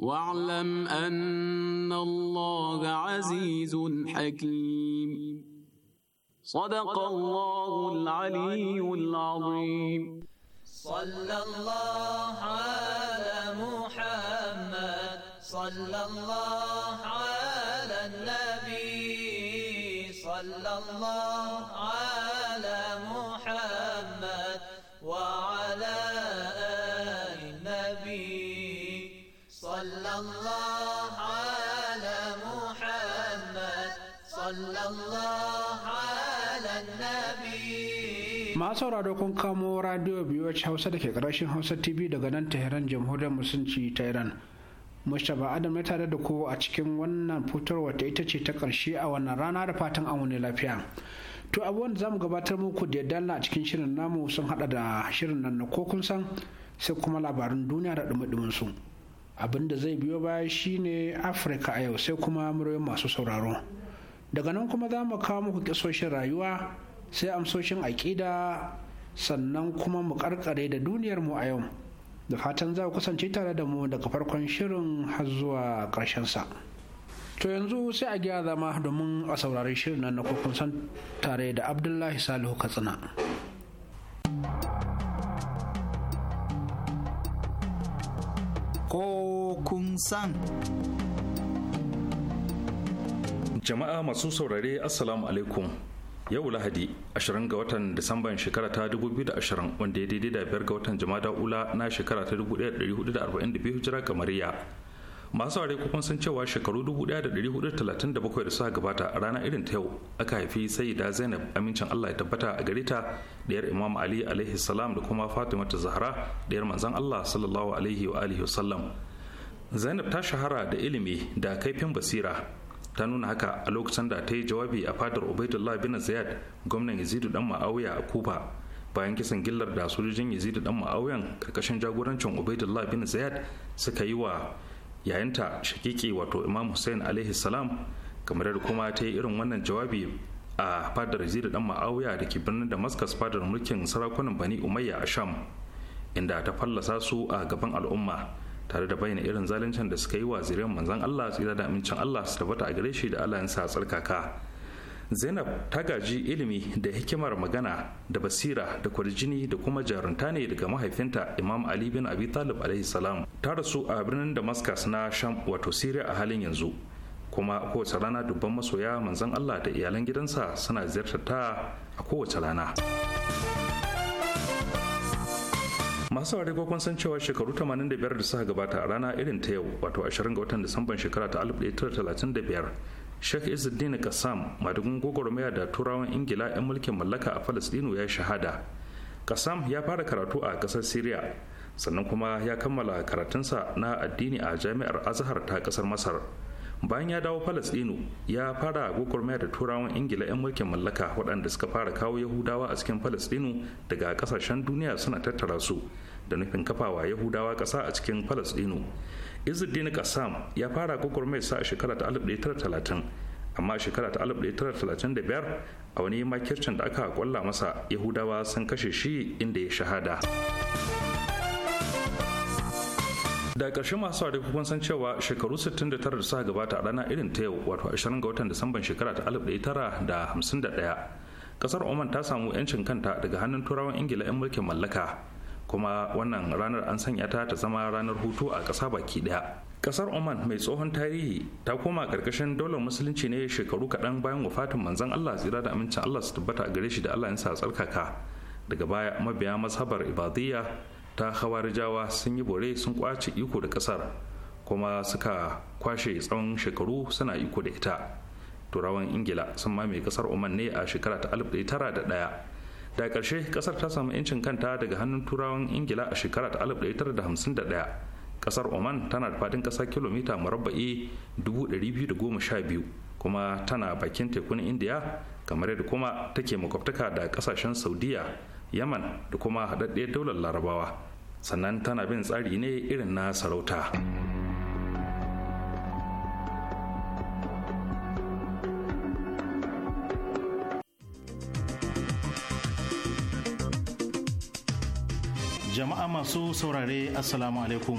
واعلم أن الله عزيز حكيم صدق الله العلي العظيم صلى الله على محمد صلى الله على sauraro kun kamo radio BOH Hausa da ke ƙarashin Hausa TV daga nan Tehran Jamhuriyar Musulunci ta Iran. Mustapha Adam ya tare da ku a cikin wannan fitarwa ta ita ce ta ƙarshe a wannan rana da fatan an wani lafiya. To abubuwan da zamu gabatar muku da yadda a cikin shirin namu sun hada da shirin nan na ko kun san sai kuma labarin duniya da dumi su. Abin da zai biyo baya shine Afirka a yau sai kuma muryoyin masu sauraro. Daga nan kuma za mu kawo muku kisoshin rayuwa sai amsoshin aƙida sannan kuma mu karkare da duniyar mu a yau da fatan za ku kusance tare da mu daga farkon shirin har zuwa ƙarshen sa to yanzu sai a gyara zama domin a saurari shirin na, na kun san tare da abdullahi salihu katsina ko kun san jama'a masu saurare assalamu alaikum yau lahadi 20 ga watan disamban shekara ta 2020 wanda ya daidai da biyar ga watan jama'a ula na shekara ta 1442 hijira kamariya masu ware kukun sun cewa shekaru 1437 da suka gabata a rana irin ta yau aka haifi sai da zainab amincin allah ya tabbata a gare ta diyar imam ali alaihi salam da kuma fatima ta zahra ɗayar manzon allah sallallahu alaihi wa alihi wasallam zainab ta shahara da ilimi da kaifin basira ta nuna haka a lokacin da ta yi jawabi a fadar ubaidullah bin ziyad gwamnan yazidu dan ma'auya a kuba bayan kisan gillar da sojojin yazidu dan ma'auyan karkashin jagorancin ubaidullah bin ziyad suka yi wa yayinta shakiki wato imam hussein alaihi salam kamar da kuma ta yi irin wannan jawabi a fadar yazidu dan ma'auya da ke birnin damascus fadar mulkin sarakunan bani umayya a sham inda ta fallasa su a gaban al'umma tare da bayyana irin zaluncin da suka yi wa zuriyar manzan Allah tsira da amincin Allah su tabbata a gare shi da Allah sa tsarkaka Zainab ta gaji ilimi da hikimar magana da basira da kwarjini da kuma jarunta ne daga mahaifinta Imam Ali bin Abi Talib alaihi salam ta rasu a birnin Damascus na Sham wato Syria a halin yanzu kuma kowace rana dubban masoya manzon Allah da iyalan gidansa suna ziyartar ta a kowace rana. masu saurari ko kun san cewa shekaru 85 da suka gabata a rana irin ta yau wato 20 ga watan disamban shekara ta 1935 sheikh izuddin kassam madugun gwagwarmaya da turawan ingila 'yan mulkin mallaka a falastinu ya shahada qassam ya fara karatu a kasar syria sannan kuma ya kammala karatunsa na addini a jami'ar azhar ta kasar masar bayan ya dawo palestino ya fara gwagwarmaya da turawan ingila 'yan mulkin mallaka waɗanda suka fara kawo yahudawa a cikin palestino daga ƙasashen duniya suna tattara su da nufin kafawa yahudawa ƙasa a cikin palestino izuddin kassam ya fara gwagwarmaya sa a shekara ta 1930 amma a shekara ta 1935 a wani makircin da aka kwalla masa yahudawa sun kashe shi inda ya shahada da ƙarshe masu wari kun san cewa shekaru 69 da suka gabata a ranar irin ta yau wato 20 ga watan disamban shekara ta 1951 kasar oman ta samu 'yancin kanta daga hannun turawan ingila 'yan mulkin mallaka kuma wannan ranar an sanya ta ta zama ranar hutu a ƙasa baki ɗaya kasar oman mai tsohon tarihi ta koma ƙarƙashin daular musulunci ne shekaru kaɗan bayan wafatin manzon allah tsira da amincin allah su tabbata a gare shi da allah ya sa tsarkaka daga baya mabiya mazhabar ibadiyya ta hawarijawa sun yi bore sun kwace iko da kasar kuma suka kwashe tsawon shekaru suna iko da ita turawan ingila sun mame kasar oman ne a shekara ta tara da da ƙarshe kasar ta samu 'yancin kanta daga hannun turawan ingila a shekara ta alif da da hamsin daya kasar oman tana da fadin ƙasa kilomita dubu dari biyu da goma marabba'i sha biyu kuma tana bakin tekun indiya kamar yadda kuma take makwabtaka da kasashen saudiya yaman da kuma haɗaɗɗe daular larabawa sannan tana bin tsari ne irin na sarauta jama'a masu saurare assalamu alaikum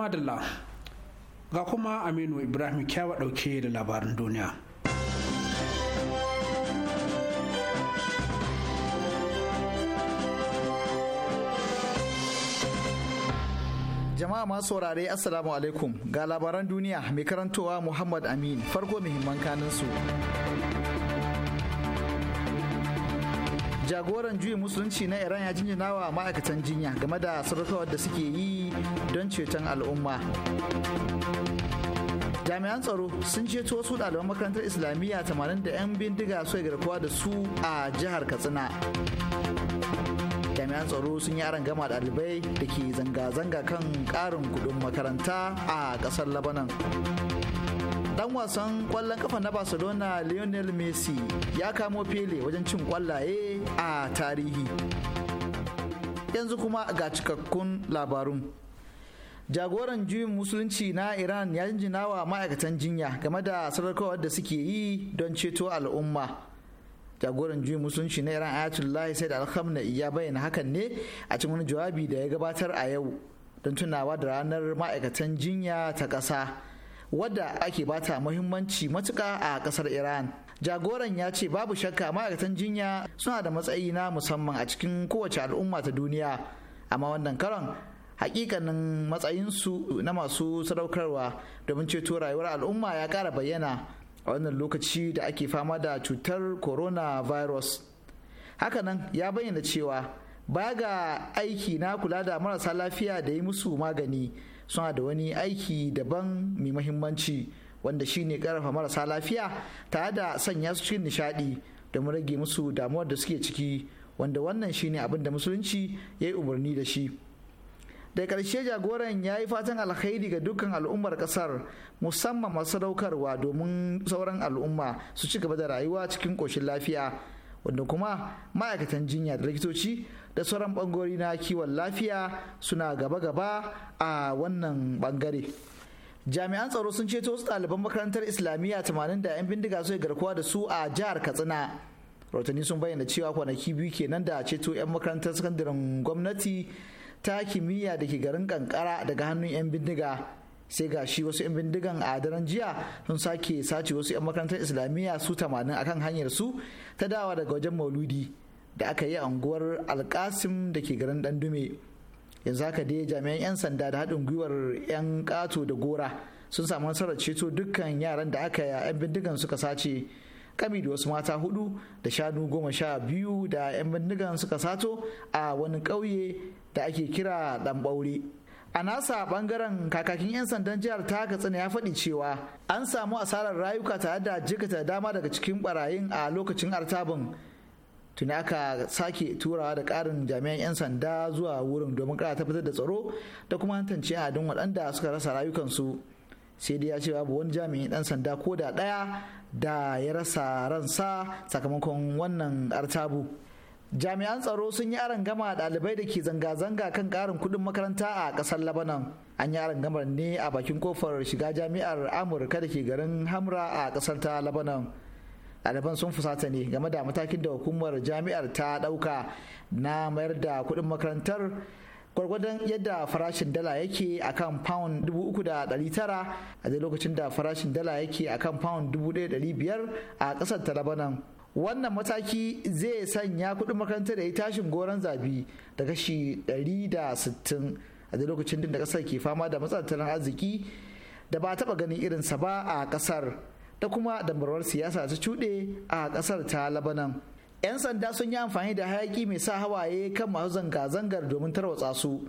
madalla ga kuma aminu ibrahim kyawa dauke da labarin duniya jama'a masu saurare assalamu alaikum ga labaran duniya mai karantowa muhammad amin farko muhimman kanin jagoran juyin musulunci na iran ya jinjina wa ma'aikatan jinya game da sadaukarwar da suke yi don ceton al'umma jami'an tsaro sun ceto wasu ɗaliban makarantar islamiyya tamanin da 'yan bindiga suka garkuwa da su a jihar katsina jami'an tsaro sun yi aron gama ɗalibai da ke zanga-zanga kan ƙarin kuɗin makaranta a ƙasar labanan dan wasan kwallon kafa na barcelona lionel messi ya kamo pele wajen cin kwallaye a tarihi yanzu kuma ga cikakkun labarun jagoran juyin musulunci na iran ya jinjina wa ma'aikatan jinya game da sadarkawar da suke yi don ceto al'umma jagoran juyin musulunci na iran ayatollah said al-khamenei ya bayyana hakan ne a cikin wani jawabi da ya gabatar a yau don tunawa da ranar ma'aikatan jinya ta ƙasa wadda ake bata muhimmanci matuka a kasar iran jagoran ya ce babu shakka ma'aikatan jinya suna da matsayi na musamman a cikin kowace al'umma ta duniya amma wannan karon hakikanin matsayinsu na masu sadaukarwa domin ceto rayuwar al'umma ya kara bayyana a wannan lokaci da ake fama da cutar coronavirus hakanan ya bayyana cewa baya ga aiki na kula da marasa lafiya da yi musu magani suna da wani aiki daban mai mahimmanci wanda shine karfafa marasa lafiya tare da sanya su cikin nishadi domin rage musu damuwar da suke ciki wanda wannan shine abin da musulunci ya yi umarni da shi da ƙarshe jagoran ya yi fatan alkhairi ga dukkan al'ummar ƙasar musamman masu sadaukarwa domin sauran al'umma su ci gaba da rayuwa cikin koshin lafiya wanda kuma ma'aikatan jinya da likitoci da sauran bangori na kiwon lafiya suna gaba-gaba a wannan bangare jami'an tsaro sun ceto wasu ɗaliban makarantar islamiyya 80 da 'yan bindiga suka garkuwa da su a jihar katsina rautani sun bayyana cewa kwanaki biyu kenan da ceto 'yan makarantar sakandaren gwamnati ta kimiyya da ke garin kankara daga hannun 'yan bindiga sai ga shi wasu 'yan bindigan a daren jiya sun sake sace wasu 'yan makarantar islamiyya su tamanin akan hanyar su ta dawa daga wajen mauludi da aka yi a unguwar alkasim da ke garin dan dume yanzu haka dai jami'an 'yan sanda da haɗin gwiwar 'yan kato da gora sun samu nasarar ceto dukkan yaran da aka 'yan bindigan suka sace kami da wasu mata hudu da shanu goma sha biyu da 'yan bindigan suka sato a wani ƙauye da ake kira ɗan ɓaure. a nasa bangaren kakakin 'yan sandan jihar ta katsina ya faɗi cewa an samu asarar rayuka tare da jikata dama daga cikin barayin a lokacin artabin tuni aka sake turawa da ƙarin jami'an 'yan sanda zuwa wurin domin ƙara tabbatar da tsaro da kuma hantance don waɗanda suka rasa rayukansu sai dai ya ce babu wani jami'in ɗan sanda ko da ɗaya da ya rasa ransa sakamakon wannan artabu jami'an tsaro sun yi gama ɗalibai da ke zanga-zanga kan ƙarin kuɗin makaranta a ƙasar labanan an yi gama ne a bakin kofar shiga jami'ar amurka da ke garin hamra a ƙasar ta labanan ɗaliban sun fusata ne game da matakin da hukumar jami'ar ta ɗauka na mayar da kuɗin makarantar gwargwadon yadda farashin dala yake a kan pound 3,900 a lokacin da farashin dala yake a kan pound biyar a ƙasar ta labanan wannan mataki zai sanya kuɗin makarantar da ya tashin goron zabi da kashi 160 a da lokacin da ƙasar ke fama da matsalar arziki da ba taɓa ganin irinsa ba a ƙasar da kuma damarwar siyasa ta cuɗe a ƙasar ta labanan 'yan sanda sun yi amfani da hayaki mai sa hawaye kan masu zanga-zangar domin tarwatsa su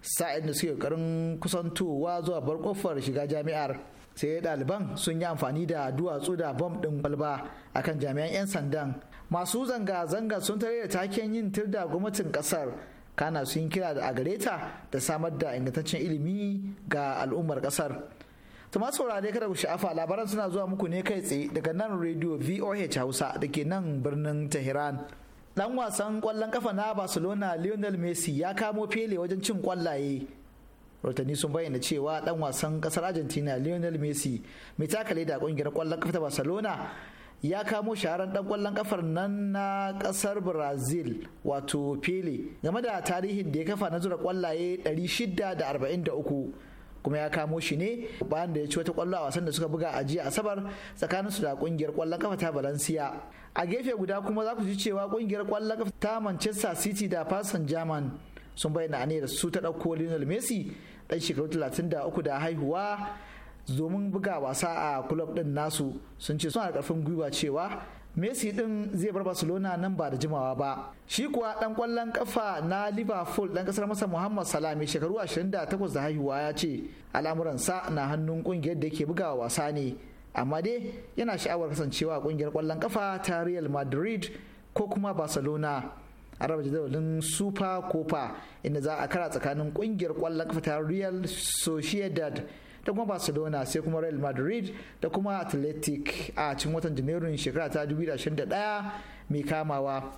sa'in da suke ƙarin kusantowa zuwa bar kofar shiga jami'ar sai ɗaliban sun yi amfani da duwatsu da bom ɗin kwalba a kan jami'an 'yan sandan masu zanga-zanga sun tare da taken yin tirda gwamnatin ƙasar kana sun kira da agareta da samar da ingantaccen ilimi ga al'ummar ƙasar tuma saurare kada ku sha'afa labaran suna zuwa muku ne kai tsaye daga nan rediyo voh hausa da ke nan birnin tehran dan wasan kwallon kafa na barcelona lionel messi ya kamo fele wajen cin kwallaye rotani sun bayyana cewa dan wasan kasar argentina lionel messi mai takale da kungiyar kwallon kafa ta barcelona ya kamo shaharar dan kwallon kafar nan na kasar brazil wato pele game da tarihin da ya kafa na zura kwallaye 643 kuma ya kamo shi ne bayan da ya ci wata kwallo a wasan da suka buga a jiya asabar tsakanin su da kungiyar kwallon kafa ta valencia a gefe guda kuma za ku ji cewa kungiyar kwallon kafa ta manchester city da fasan german sun bayyana aniyar su ta ɗauko lionel messi dan shekaru 33 da haihuwa domin buga wasa a kulob din nasu sun ce suna da karfin gwiwa cewa Messi din zai bar Barcelona nan ba da jimawa ba. Shi kuwa dan kwallon kafa na Liverpool dan kasar masa Muhammad Salah mai shekaru 28 da haihuwa ya ce al'amuransa na hannun kungiyar da ke bugawa wasa ne. Amma dai yana sha'awar kasancewa kungiyar kwallon kafa ta Real Madrid ko kuma Barcelona. a raba jadawalin super copa inda za a kara tsakanin kungiyar kwallon kafa ta real sociedad da kuma barcelona sai kuma real madrid da kuma athletic a cikin watan janairun shekara ta 2021 mai kamawa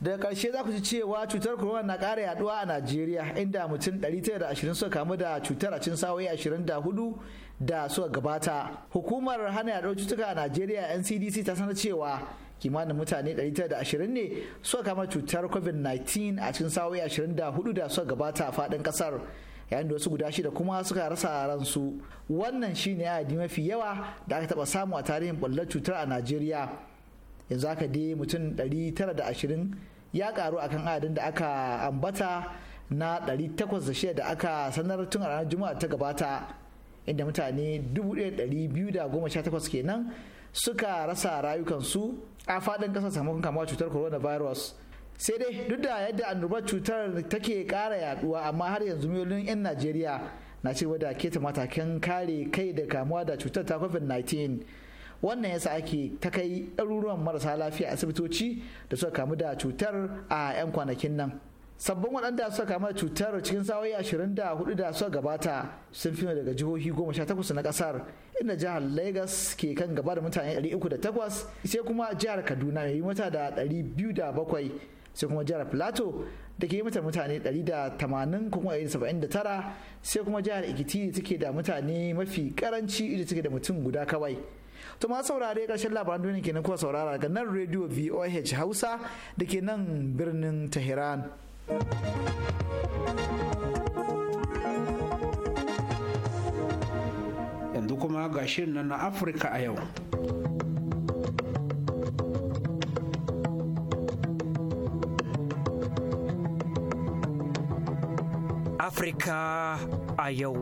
daga karshe za ku ji cewa cutar corona na kara yaduwa a najeriya inda mutum 920 suka kamu da cutar a cikin sa'o'i 24 da suka gabata hukumar hana yaduwar cutuka a najeriya ncdc ta sanar cewa kimanin mutane 120 ne suka kama cutar covid-19 a cikin sa'o'i 24 da suka gabata a faɗin kasar yayin da wasu guda shida kuma suka rasa ransu wannan shine adadi mafi yawa da aka taba samu a tarihin ɓullar cutar a najeriya yanzu aka dai mutum 920 ya karu akan adadin da aka ambata na 806 da aka sanar tun a ranar juma'a ta gabata inda mutane 1218 kenan suka rasa rayukansu a faɗin ƙasar samun kamuwa cutar coronavirus sai dai duk da yadda annobar cutar take ƙara yaduwa amma har yanzu miliyoyin 'yan najeriya na cewa da keta matakan kare kai da kamuwa da cutar ta covid-19 wannan yasa ake ta kai ɗaruruwan marasa lafiya asibitoci da suka kamu da cutar a 'yan kwanakin nan. sabbin waɗanda suka kama cutar cikin sawayi ashirin da hudu da suka gabata sun fi daga jihohi goma sha takwas na kasar inda jihar lagos ke kan gaba da mutane takwas sai kuma jihar kaduna mai yi mata da bakwai sai kuma jihar plateau da ke yi mata mutane tamanin kuma tara sai kuma jihar ikiti da take da mutane mafi karanci da take da mutum guda kawai to ma saurare karshen labaran duniya kenan kuwa saurara ga nan radio voh hausa da ke nan birnin tehran yanzu kuma ga shirin nan na afirka a yau afirka a yau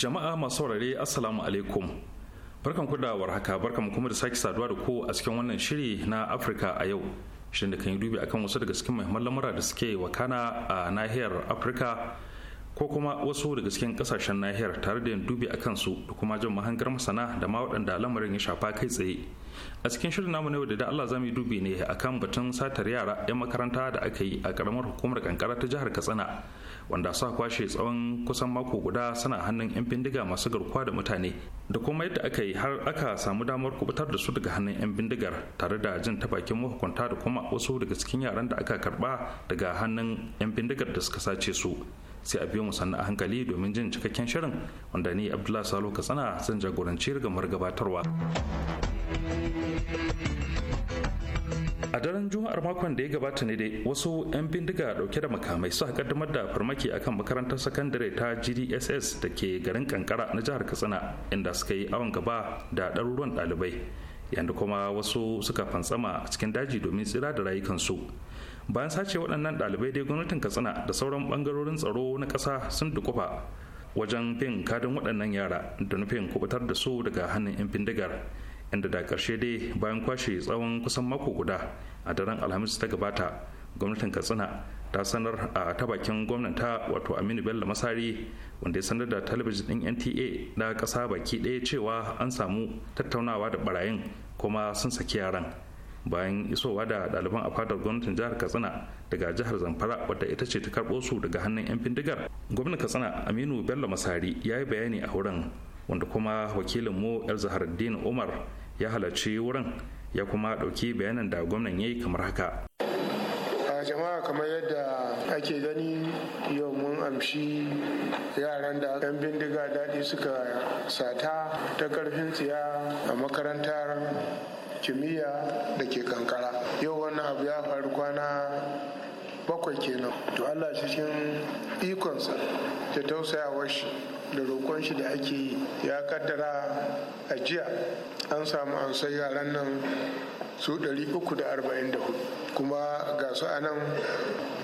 jama'a masu assalamu alaikum barkan ku da warhaka barkan kuma da sake saduwa da ku a cikin wannan shiri na afirka a yau shirin da kan yi dubi akan wasu daga cikin muhimman lamura da suke wakana a nahiyar afirka ko kuma wasu daga cikin kasashen nahiyar tare da yin dubi a kansu da kuma jin mahangar masana da ma waɗanda lamarin ya shafa kai tsaye a cikin shirin namu na yau da Allah za mu yi dubi ne akan batun satar yara 'yan makaranta da aka yi a karamar hukumar kankara ta jihar katsina wanda sa kwashe tsawon kusan mako guda suna hannun 'yan bindiga masu garkuwa da mutane da kuma yadda aka yi har aka samu damar kubutar da su daga hannun 'yan bindigar tare da jin ta bakin mahukunta da kuma wasu daga cikin yaran da aka karba daga hannun 'yan bindigar da suka sace su sai a biyo mu sannu a hankali domin jin cikakken shirin wanda ni abdullahi salo katsina zan jagoranci gamar gabatarwa a daren juma'ar makon da ya gabata ne dai wasu 'yan bindiga dauke da makamai suka kaddamar da farmaki akan makarantar sakandare ta gdss da ke garin kankara na jihar katsina inda suka yi awon gaba da ɗaruruwan ɗalibai yadda kuma wasu suka fantsama cikin daji domin tsira da rayukansu bayan sace waɗannan ɗalibai dai gwamnatin katsina da sauran ɓangarorin tsaro na ƙasa sun dukufa wajen bin kadin waɗannan yara da nufin kubutar da su daga hannun 'yan bindigar inda da karshe dai bayan kwashe tsawon kusan mako guda a daren alhamis ta gabata gwamnatin katsina ta sanar a ta bakin gwamnata wato aminu bello masari wanda ya sanar da talabijin din nta na kasa baki ɗaya cewa an samu tattaunawa da barayin kuma sun saki yaran bayan isowa da ɗaliban a fadar gwamnatin jihar katsina daga jihar zamfara wadda ita ce ta karɓo su daga hannun 'yan bindigar gwamnan katsina aminu bello masari ya yi bayani a wurin wanda kuma wakilin mu yar zahardin umar ya halarci wurin ya kuma ɗauki bayanan da gwamnan ya yi kamar haka A jama'a kamar yadda ake gani yau mun amshi yaran da 'yan bindiga daɗi suka sata ta karfin tsiya a makarantar kimiyya da ke kankara yau wannan abu ya faru kwana bakwai kenan to Allah cikin ikonsa da tausayawa shi da roƙon shi da ake yi ya kaddara a jiya an samu an sai yaran nan su 344 kuma ga su a nan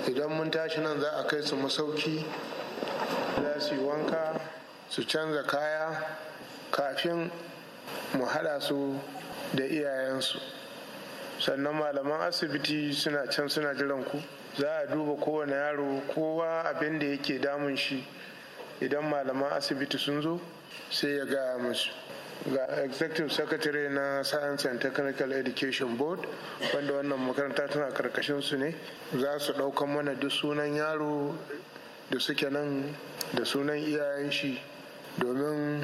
idan mun tashi nan za a kai su masauki za su yi wanka su canza kaya kafin mu haɗa su da iyayensu sannan malaman asibiti suna can suna jiran ku za a duba kowane yaro kowa abin da yake damun shi idan malaman asibiti sun zo sai ya gaya musu ga executive secretary na science and technical education board wanda wannan makaranta tana karkashin su ne za su ɗaukan mana duk sunan yaro da suke nan da sunan iyayen shi domin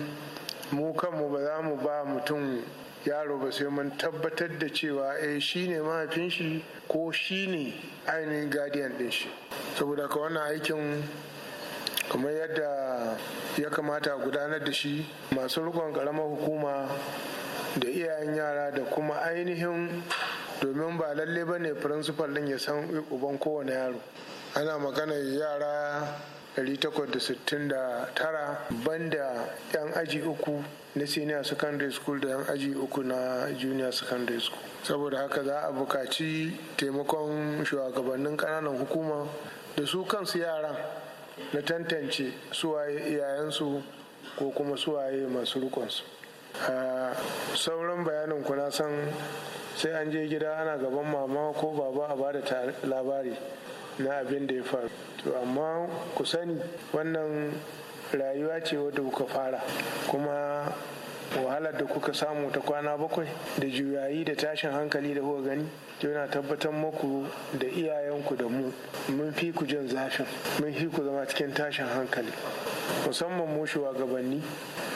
mu kanmu ba za mu ba mutum yaro ba sai mun tabbatar da cewa eh shi ne mahaifin shi ko shi ne ainihin guardian ɗin shi saboda ka wannan aikin kamar yadda ya kamata a gudanar da shi masu rikon karamar hukuma da iyayen yara da kuma ainihin domin ba lalle ba ne principal ɗin ya san uban kowane yaro ana magana yara 869 banda 'yan aji uku na senior secondary school da 'yan aji uku na junior secondary school saboda haka za a bukaci taimakon shugabannin kananan hukuma da su kansu yaran na tantance suwaye iyayensu ko kuma suwaye masu rikonsu a sauran bayanin kuna san sai an je gida ana gaban mama ko baba a bada labari na abin da ya faru to amma ku sani wannan rayuwa ce wadda kuka fara kuma wahalar da kuka samu ta kwana bakwai da juyayi da tashin hankali da kuka gani yana tabbatar muku da iyayenku da mu mun fi ku jin zafin mun fi ku zama cikin tashin hankali musamman mu shugabanni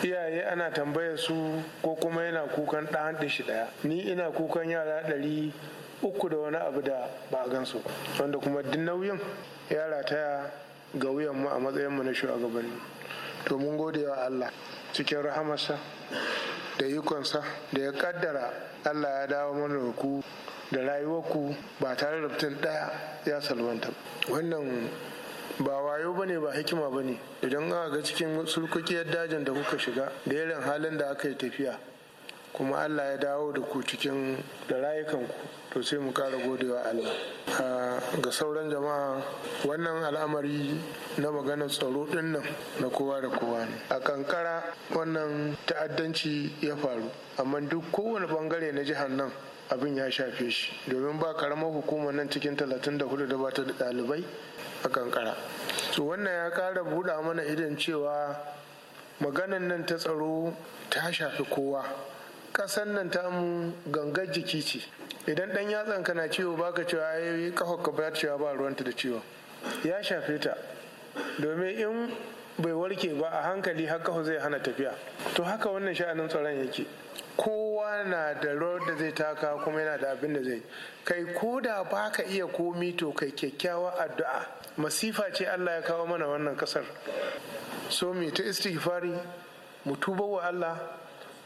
iyaye ana tambayar su ko kuma yana kukan ɗan shi ɗaya ni ina kukan yara ɗari uku da wani abu da ba a gansu wanda kuma din nauyin ya rataya ga wuyanmu a matsayinmu na shugabanni to mun gode wa Allah cikin rahamarsa da ikonsa da ya kaddara Allah ya dawo mana da ku da rayuwarku ba tare da mutum ɗaya ya salwanta wannan ba wayo ba ne ba hikima ba ne idan aka ga cikin sulkukiyar dajin da kuka shiga da irin halin da aka yi tafiya kuma allah ya dawo da ku cikin da rayukanku to sai mu kara godewa allah ga sauran jama'a wannan al'amari na maganar tsaro din nan na kowa da kowa ne a kankara wannan ta'addanci ya faru amma duk kowane bangare na jihar nan abin ya shafe shi domin ba karamar hukumar nan cikin 34 da bata da ɗalibai a kankara so wannan ya kara buɗa mana idan cewa maganar nan ta tsaro ta shafi kowa kasan nan tamu gangar jiki ce idan dan yatsan ka na ciwo baka cewa ayoyi kafa ka ba cewa ba ruwanta da ciwon ya shafe ta domin in bai warke ba a hankali har kafa zai hana tafiya to haka wannan sha'anin tsaron yake kowa na da rawar da zai taka kuma yana da abin da zai kai ko da baka iya komi to kai kyakkyawa addu'a masifa ce allah ya kawo mana wannan kasar so me ta istighfari mu tuba wa allah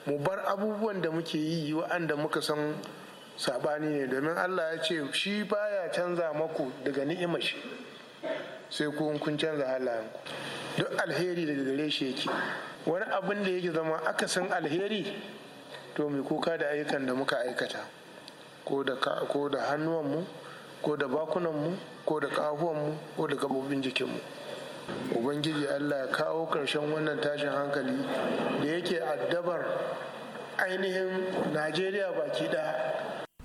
mu bar abubuwan da muke yi wa'anda muka san sabani ne domin Allah ya ce shi baya canza maku daga ni'imar shi sai ku kun canza halayenku duk alheri daga gare shi yake wani abin da yake zama akasin alheri to mai kuka da ayyukan da muka aikata ko da ko da hannuwanmu ko da bakunanmu ko da kafuwanmu ko da gabobin jikinmu ubangiji allah ya kawo karshen wannan tashin hankali da yake addabar ainihin najeriya baki da.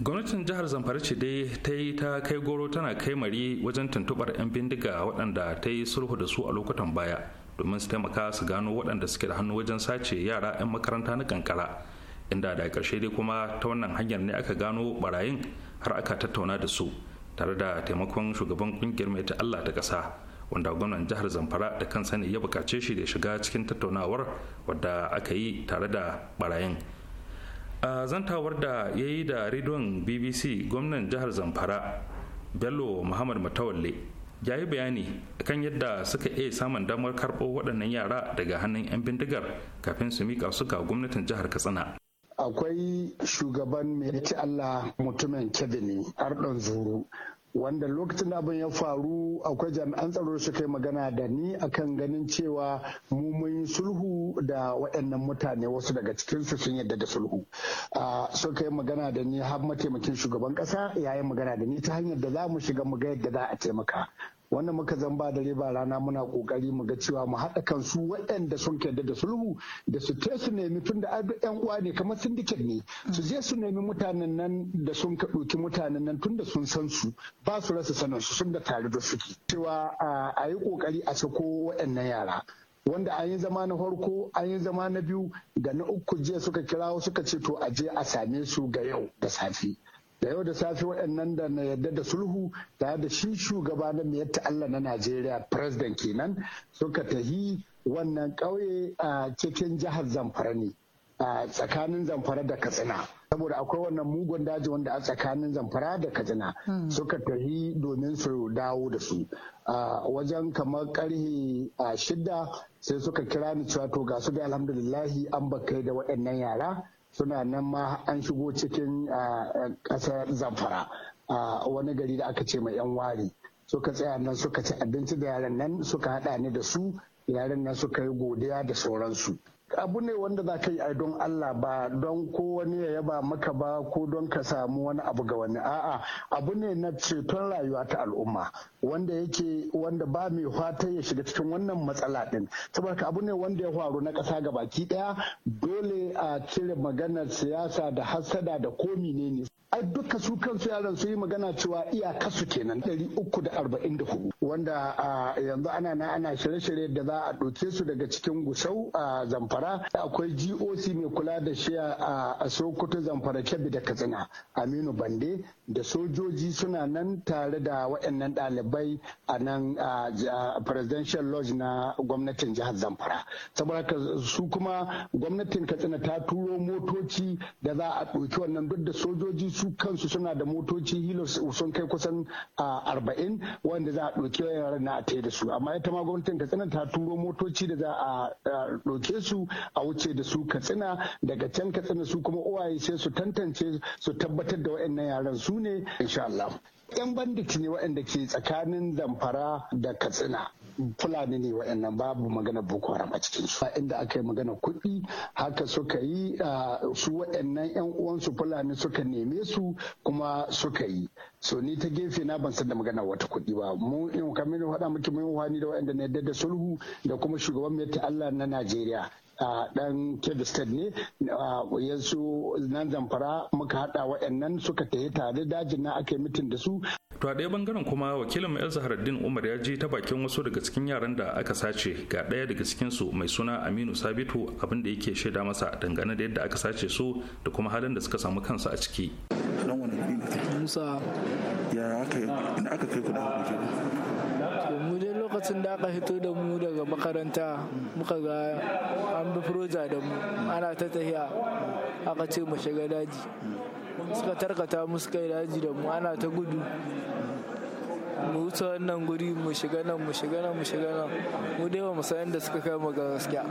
gwamnatin jihar zamfara ce dai ta yi ta kai goro tana kai mari wajen tuntubar 'yan bindiga waɗanda ta yi sulhu da su a lokutan baya domin su taimaka su gano waɗanda suke da hannu wajen sace yara 'yan makaranta na kankara inda da ƙarshe dai kuma ta wannan hanyar ne aka gano barayin har aka tattauna da su tare da taimakon shugaban ƙungiyar mai ta allah ta ƙasa wanda gwamnan jihar zamfara da kan sani ya bukace shi da shiga cikin tattaunawar wadda aka yi tare da barayin a zantawar da ya yi da rediyon bbc gwamnan jihar zamfara bello muhammad matawalle ya yi bayani kan yadda suka iya samun damar karɓo waɗannan yara daga hannun 'yan bindigar kafin su miƙa su ga gwamnatin jihar katsina akwai shugaban mai Allah mutumin kebini ardon zuru wanda lokacin abin ya faru akwai jami'an tsaro suka yi magana da ni akan ganin cewa mu mun sulhu da waɗannan mutane wasu daga cikinsu sun yadda da sulhu ah, suka yi magana da ni har mataimakin shugaban ƙasa ya yi magana da ni ta hanyar da za mu shiga mu ga yadda za a taimaka wanda muka zamba dare ba rana muna kokari mu ga cewa mu haɗa kan su waɗanda sun yarda da sulhu da su te su nemi tun da ado yan uwa ne kamar syndicate ne su je su nemi mutanen nan da sun ka ɗauki mutanen nan tun da sun san su ba su rasa sanin su sun da tare da suke cewa a yi kokari a sako waɗannan yara wanda an yi zama na farko an yi zama na biyu da na uku jiya suka kirawo suka ce to a je a same su ga yau da safe da yau da safe waɗannan da na yadda da sulhu da da shi shugaba na miyar Allah na Najeriya president kenan suka tahi wannan ƙauye a cikin jihar Zamfara ne a tsakanin Zamfara da Katsina saboda akwai wannan mugun daji wanda a tsakanin Zamfara da Katsina hmm. suka tahi domin su dawo da su a wajen kamar karhe a shida sai suka kira ni cewa to ga su da alhamdulillahi an bakai da waɗannan yara suna nan ma an shigo cikin ƙasar zamfara a wani gari da aka ce mai yan wari suka tsaya nan suka ci abinci da yaran nan suka haɗa ni da su yaran nan suka yi godiya da sauransu abu ne wanda za ka yi ai don Allah ba don ko wani ya yaba maka ba ko don ka samu wani abu ga wani a'a abu ne na ceton rayuwa ta al'umma wanda yake wanda ba mai fata ya shiga cikin wannan matsala din saboda abu ne wanda ya faru na ƙasa ga baki daya dole a cire maganar siyasa da hasada da komi ne ne ai duka su kansu yaran su yi magana cewa iyaka su kenan ɗari uku arba'in da hudu wanda yanzu ana na ana shirye-shirye da za a ɗauke su daga cikin gusau a zamfara akwai goc mai kula da shi a sokoto zamfara kebbi da katsina aminu bande da sojoji suna nan tare da waɗannan ɗalibai a nan presidential lodge na gwamnatin jihar zamfara saboda su kuma gwamnatin katsina ta turo motoci da za a ɗauki wannan duk da sojoji su kansu suna da motoci hilos sun kai kusan arba'in wanda za a ɗauki yaran na a da su amma ita ma gwamnatin katsina ta turo motoci da za a ɗauke su a wuce da su katsina daga can katsina su kuma uwaye sai su tantance su tabbatar da waɗannan yaran su ne insha 'yan bandit ne waɗanda ke tsakanin zamfara da katsina fulani ne wa'annan babu magana boko haram a cikin su inda aka yi magana kuɗi haka suka yi su wa'annan yan uwansu fulani suka neme su kuma suka yi so ni ta gefe na ban san da magana wata kuɗi ba mu in kamar faɗa miki mun wani da wa'anda na yadda da sulhu da kuma shugaban mai Allah na Najeriya dan kebbi state ne ya zo nan zamfara muka haɗa waɗannan suka tafi tare dajin na ake mitin da su to a ɗaya bangaren kuma wakilin mai zaharaddin umar ya je ta bakin wasu daga cikin yaran da aka sace ga ɗaya daga cikinsu mai suna aminu sabitu abinda yake shaida masa dangane da yadda aka sace su da kuma halin da suka samu kansu a ciki musa ya aka kai ku lokacin da aka hito da mu daga makaranta muka ga an bi proza da mu ana ta tahiya aka ce mu shiga daji suka tarkata mu suka yi daji da mu ana ta gudu mu wuce wannan guri mu shiga nan mu shiga nan mu shiga nan mu dai ba musayan da suka kai mu ga gaskiya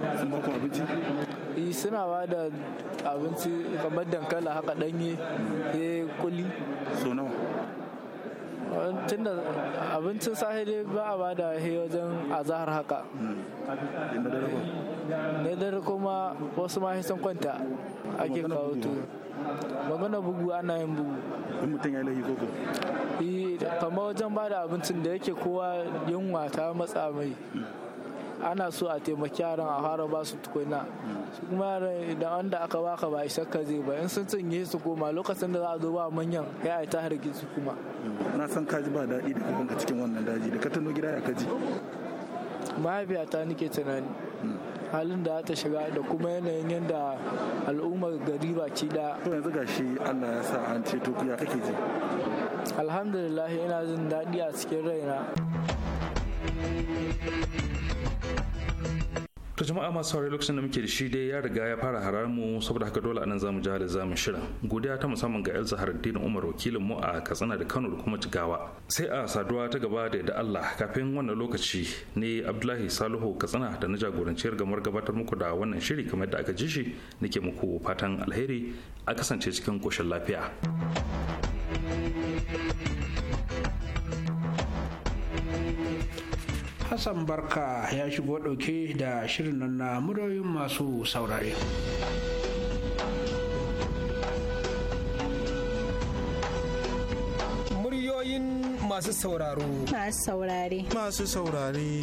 yi eh, suna ba da abinci kamar dankala haka danye ya eh, kuli tunda abincin sahili ba a bada shi wajen azahar haka ne dare kuma wasu mahi sun kwanta ake kawo tuwo magana bugu ana yin bugu in mutum ya lahi koko eh, kamar wajen bada abincin da yake kowa yunwa ta matsa mai ana so a taimaki yaran a fara ba su tukuna su kuma yaran idan wanda aka baka ba shakka zai ba in sun cinye su koma lokacin da za a zo ba manyan ya ai ta hargi su kuma na san ka ji ba daɗi da kanka cikin wannan daji da ka tano gida ya kaji. ji mahaifiyata nike tunani hmm. halin da ta shiga da kuma yanayin yadda al'ummar gari ci da to yanzu gashi Allah ya sa an ce to ya kake ji alhamdulillah ina jin daɗi a cikin raina to jama'a masu saurari lokacin da muke da shi dai ya riga ya fara harar mu saboda haka dole anan zamu jihar da zamu shirin godiya ta musamman ga Elsa Haraddin Umar wakilin mu a Katsina da Kano da kuma Jigawa sai a saduwa ta gaba da yadda Allah kafin wannan lokaci ne Abdullahi Salihu Katsina da na jagoranciyar gamar gabatar muku da wannan shiri kamar da aka ji shi nake muku fatan alheri a kasance cikin koshin lafiya. hassan barka ya shigo ɗauke da shirin nan na muryoyin masu saurare muryoyin masu sauraro masu saurare masu saurare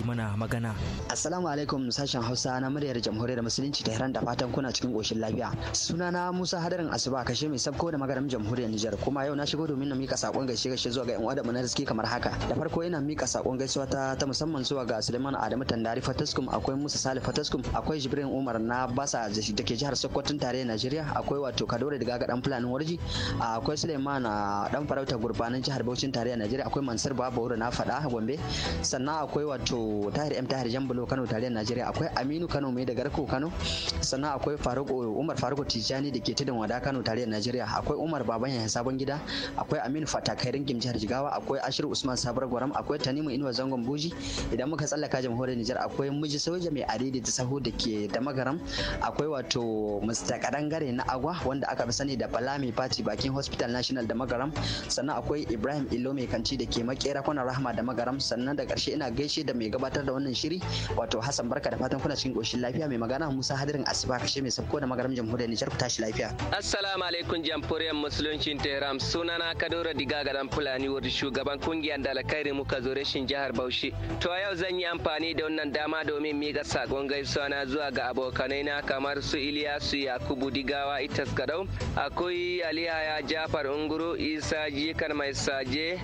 yi mana magana. Assalamu alaikum sashen Hausa na muryar Jamhuriyar Musulunci da hiran da fatan kuna cikin ƙoshin lafiya. Sunana Musa Hadarin Asuba kashe mai sabko da magaram Jamhuriyar Nijar kuma yau na shigo domin na mika sakon gaishe gaishe zuwa ga 'yan uwa da mu na riski kamar haka. Da farko ina mika sakon gaisuwa ta ta musamman zuwa ga Suleiman Adamu Tandari Fataskum akwai Musa Salih Fataskum akwai Jibrin Umar na Basa da ke jihar Sokoto tarayyar Najeriya akwai wato Kadore da ga dan Fulani Warji akwai Suleiman dan farauta gurbanin jihar Bauchi tarayyar Najeriya akwai Mansur Babu na fada Gombe sannan akwai wato tahir m tahir bulo kano tarayyar najeriya akwai aminu kano mai da garko kano sannan akwai faruku umar faruku Tijjani da ke tudun wada kano tarayyar najeriya akwai umar baban yahya sabon gida akwai aminu fatakai ringim jihar jigawa akwai ashir usman sabar gwaram akwai tanimu inuwa zangon buji idan muka tsallaka jamhuriyar nijar akwai miji soja mai adidi da sahu da ke da magaram akwai wato mr kadangare na agwa wanda aka fi sani da bala mai fati bakin hospital national da magaram sannan akwai ibrahim ilo mai kanci da ke makera kwanar rahama da magaram sannan da karshe ina gaishe da mai gabatar da wannan shiri wato Hassan Barka da fatan kuna cikin koshin lafiya mai magana Musa Hadirin Asiba kashe mai sabko da magaram jamhuriyar Nijar ku tashi lafiya. Assalamu alaikum jamhuriyar musuluncin Tehran sunana Kadura Diga gadan Fulani wuri shugaban kungiyar dalakairi muka zo rashin jihar Bauchi. To yau zan yi amfani da wannan dama domin miƙa sakon gaisuwa na zuwa ga abokanai na kamar su Iliyasu Yakubu Digawa Itas gadau akwai Aliya Jafar Unguru Isa Jikar Mai Saje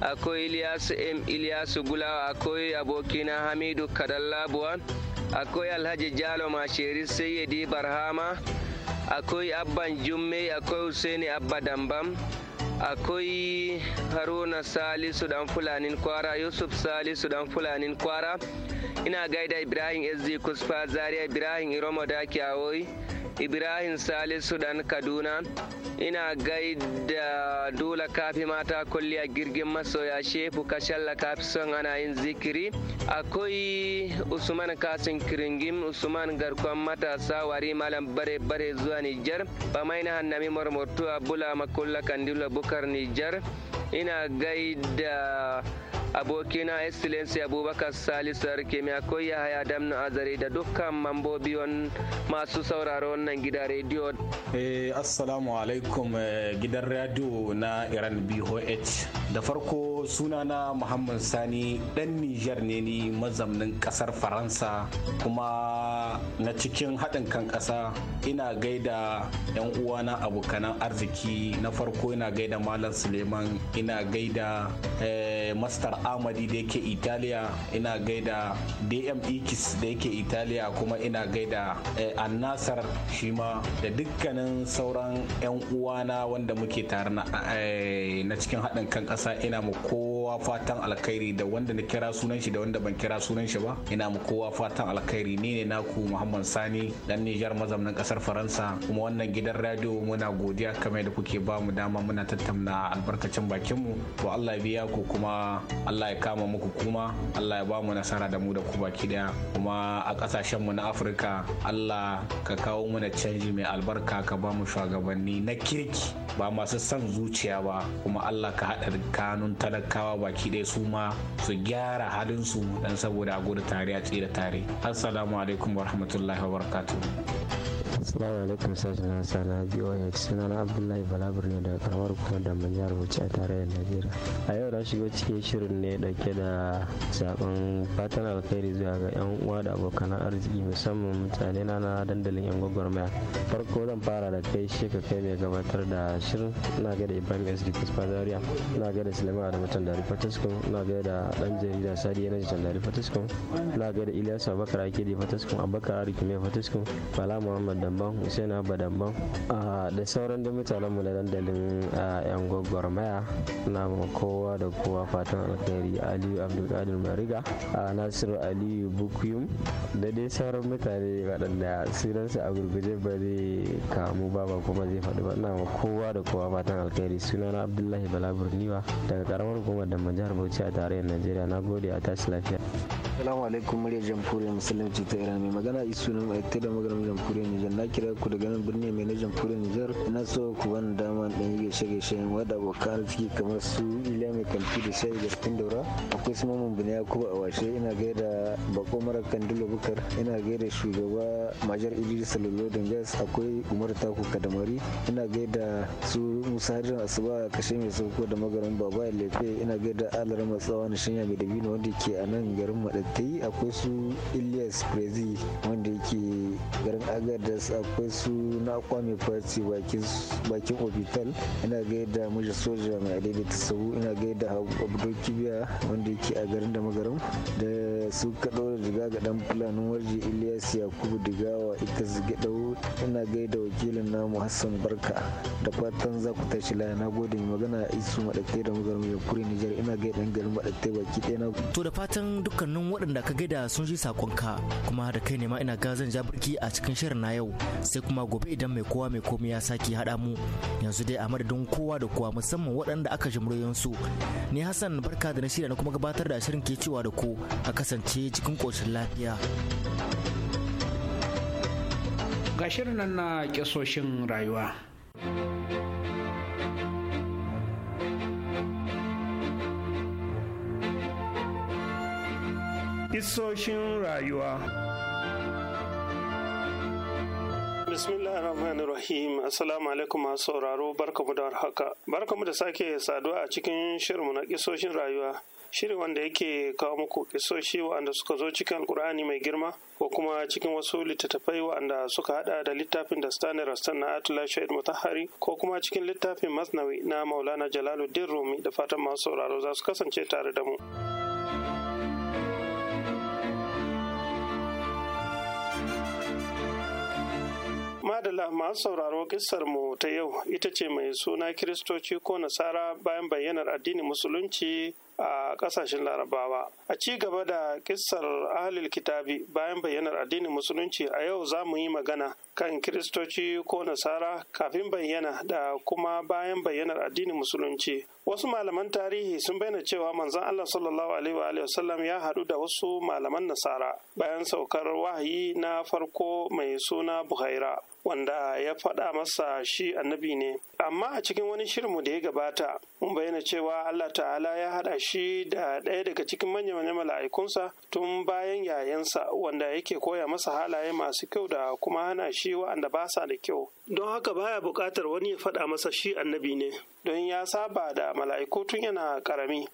akoy ilias m iliasu gulaw akoy abokina hamidu kadallabowan akoy alhaji dialo ma sheri seyedi barhama akoy abban jummey akoy useni abba dambam akoy haruna sali suɗan fulanin kwara yusuf sali suɗan fulanin kwara ina gaida ibrahim sd kusfa zaria ibrahim iromo dakiyawoi ibrahim salisu dan kaduna ina gaida dula kafi mata kulliya girgin masoya shefu kashalla kafi son ana yin zikiri akwai usman kasin kiringim usman garkon matasa wari malam bare bare zuwa nijar Ba mai na hannami murmurtuwa bula makulla kandila bukar nijar ina gaida abokina excellency abubakar salisu arke mai akwai yahaya damna azare da dukkan mambobi masu sauraro wannan gida rediyo eh, assalamu alaikum eh, gidan rediyo na iran boh da farko sunana muhammad sani dan nijar ne ni mazamnin kasar faransa kuma na cikin haɗin kan ƙasa ina gaida 'yan uwana abokanan arziki na farko ina gaida malam suleiman ina gaida eh, master amadi da yake italiya ina gaida dm ikis da yake italiya kuma ina gaida eh, annasar shi ma da dukkanin sauran 'yan uwana wanda muke tare eh, na cikin haɗin kan ƙasa ina mu kowa fatan alkhairi da wanda na kira sunan shi da wanda ban kira sunan shi ba ina mu kowa fatan alkhairi ni ne naku muhammad sani dan nijar mazamnin ƙasar faransa kuma wannan gidan radio muna godiya kamar da kuke ba mu dama muna tattauna albarkacin bakinmu to allah biya ku kuma Allah ya kama muku kuma Allah ya ba mu nasara da mu da ku baki daya kuma a kasashen mu na Afirka Allah ka kawo mana canji mai albarka ka ba mu shugabanni na kirki ba masu son zuciya ba kuma Allah ka haɗa kanun talakawa baki daya su ma su gyara halin su dan saboda a gudu tare a tsira tare assalamu alaikum wa wabarakatuh Assalamu alaikum na sa na BOH suna na Abdullahi Bala Birni daga karamar hukumar da a Bauchi a tarayyar Najeriya. A yau na shigo cikin shirin ne dauke da zaben fatan alkhairi zuwa ga yan uwa da abokan arziki musamman mutane na na dandalin yan gwagwarmaya. Farko zan fara da kai shi ka kai mai gabatar da shirin na ga da Ibrahim S. D. Fazariya, na ga da Sulaiman Adamu Tandari Fataskun, na ga da dan jarida Sadi Yanaji Tandari Fataskun, na ga da Ilyas Abubakar Akidi Fataskun, Abubakar Arikime Fataskun, Bala Muhammad Badamban Husaina Badamban ah, da sauran da mutanen mu na dandalin ah, yan maya na kowa da kowa fatan alkhairi Aliyu Abdulkadir Mariga ah, Nasiru Aliyu Bukuyum da dai sauran mutane waɗanda sunansu a gurguje ba zai kamu ba ba kuma zai faɗi ba na kowa da kowa fatan alkhairi sunana Abdullahi Bala Burniwa daga karamar hukumar da jihar Bauchi a tarayyar Najeriya na gode a tashi lafiya. Assalamu alaikum muryar jamhuriyar musulunci ta Iran mai magana isu na mai da magana jamhuriyar Nijar na kira ku daga nan birni mai na jamhuriyar Nijar na so ku bani dama dan yi gaishe gaishe wada abokan arziki kamar su Iliya mai kanti da shayi da cikin daura akwai su mamman bin Yakubu a washe ina gaida bako mara Kandilo Bukar ina gaida shugaba Majar Idris Lolo Dangas akwai Umar Taku Kadamari ina gaida su Musa Hadirin Asuba kashe mai sauko da magaran Baba Lefe ina gaida Alar Matsawa na Shinya mai dabino wanda ke a nan garin Madattai akwai su ilias Prezi wanda yake garin Agadas Agadas akwai su na kwame fati bakin obital ina gaida miji soja mai da sahu ina gaida abdul kibiya wanda yake a garin da magarin da su kaɗo da diga ga dan fulanin warji ilyas yakubu digawa ita gaɗau ina gaida wakilin namu hassan barka da fatan za ku tashi laya na gode mai magana isu maɗaɗe da magaram yankuri nijar ina gaida ɗan garin maɗaɗe baki ɗaya na to da fatan dukkanin waɗanda ka gaida sun ji sakonka kuma da kai ne ma ina ga zan ja birki a cikin shirin na yau sai kuma gobe idan mai kowa mai komai ya sake haɗa mu yanzu dai a madadin kowa da kowa musamman waɗanda aka jimriyon su ni hassan barka da na na kuma gabatar da shirin ke cewa da ku a kasance cikin ƙoshin lafiya ga shirin nan na ƙisoshin rayuwa Isoshin rayuwa bismillahir rahmanir rahim assalamu alaikum masu sauraro barkamu da warhaka barkamu da sake saduwa a cikin shirinmu na kisoshin rayuwa shirin wanda yake kawo muku kisoshi wa'anda suka zo cikin alkur'ani mai girma ko kuma cikin wasu littattafai wa'anda suka hada da littafin da stanley rastan na atula shahid mutahari ko kuma cikin littafin masnawi na maulana jalaluddin rumi da fatan masu sauraro za su kasance tare da mu. madala masu sauraro kissar mu ta yau ita ce mai suna kiristoci ko nasara bayan bayyanar addinin musulunci a kasashen larabawa a ci gaba da kissar ahalil kitabi bayan bayyanar addinin musulunci a yau za mu yi magana kan kiristoci ko nasara kafin bayyana da kuma bayan bayyanar addinin musulunci wasu malaman tarihi sun bayyana cewa manzon Allah sallallahu alaihi wa sallam ya haɗu da wasu malaman nasara bayan saukar wahayi na farko mai suna buhaira wanda ya faɗa masa shi annabi ne amma a cikin wani shirmu da ya gabata mun bayyana cewa Allah ta'ala ya haɗa shi da ɗaya daga cikin manyan mala'ikunsa tun bayan yayansa wanda yake koya masa halaye masu kyau da kuma hana shi wa'anda ba sa da kyau don haka baya buƙatar wani ya faɗa masa shi annabi ne don ya saba da mala'iku tun yana ƙarami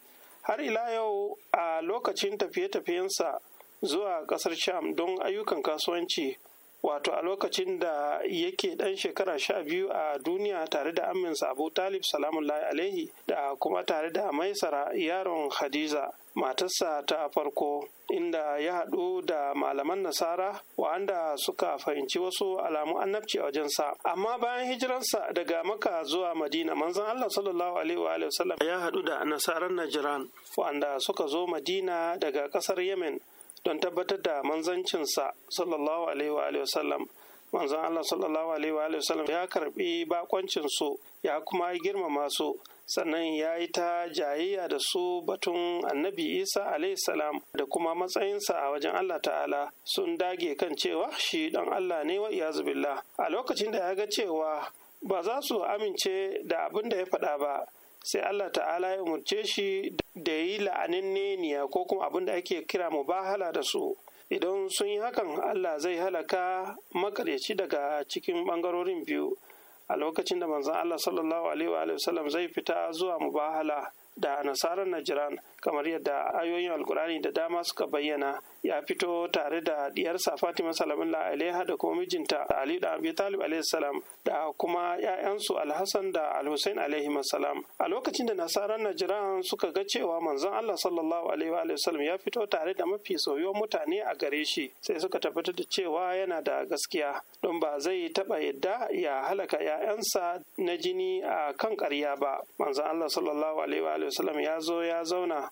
har ila yau a lokacin tafiye-tafiyensa zuwa ƙasar sham don ayyukan kasuwanci wato a lokacin da yake ɗan shekara sha biyu a duniya tare da aminsa abu talib salamullahi alaihi da kuma tare da maisara yaron hadiza matarsa ta farko inda ya haɗu da malaman nasara wa'anda suka fahimci wasu alamun annabci a wajensa amma bayan hijiransa daga maka zuwa madina manzon allah sallallahu alaihi wa sallam ya haɗu da nasaran najiran wa'anda suka zo madina daga ƙasar yemen don tabbatar da manzancinsa sallallahu alaihi wa sallam manzon allah sallallahu alaihi wa sallam ya karbi bakoncinsu ya kuma girmama su sannan ya yi ta jayayya da su batun annabi isa salam da kuma matsayinsa a wajen allah ta'ala sun dage kan cewa shi dan allah ne wa billah a lokacin da ya ga cewa ba za su amince da abin da ya faɗa ba sai allah ta'ala ya umarce shi da yi la'anin neniya ko kuma abin da ake kira mu mubahala da su idan sun yi hakan allah zai halaka makaryaci daga cikin ɓangarorin biyu a lokacin da manzon Allah sallallahu alaihi wa sallam zai fita zuwa mubahala da nasarar Najran kamar yadda ayoyin alkur'ani da dama suka bayyana ya fito tare da diyarsa fatima salamin alaiha da kuma mijinta ali da abi talib alaihi da kuma ya'yansu alhassan da alhussein alaihi salam a lokacin da nasaran najiran suka ga cewa manzon allah sallallahu alaihi wa sallam ya fito tare da mafi soyuwar mutane a gare shi sai suka tabbatar da cewa yana da gaskiya don ba zai taɓa yadda ya halaka 'yayansa na jini a kan ƙarya ba manzon allah sallallahu alaihi wa sallam ya zo ya zauna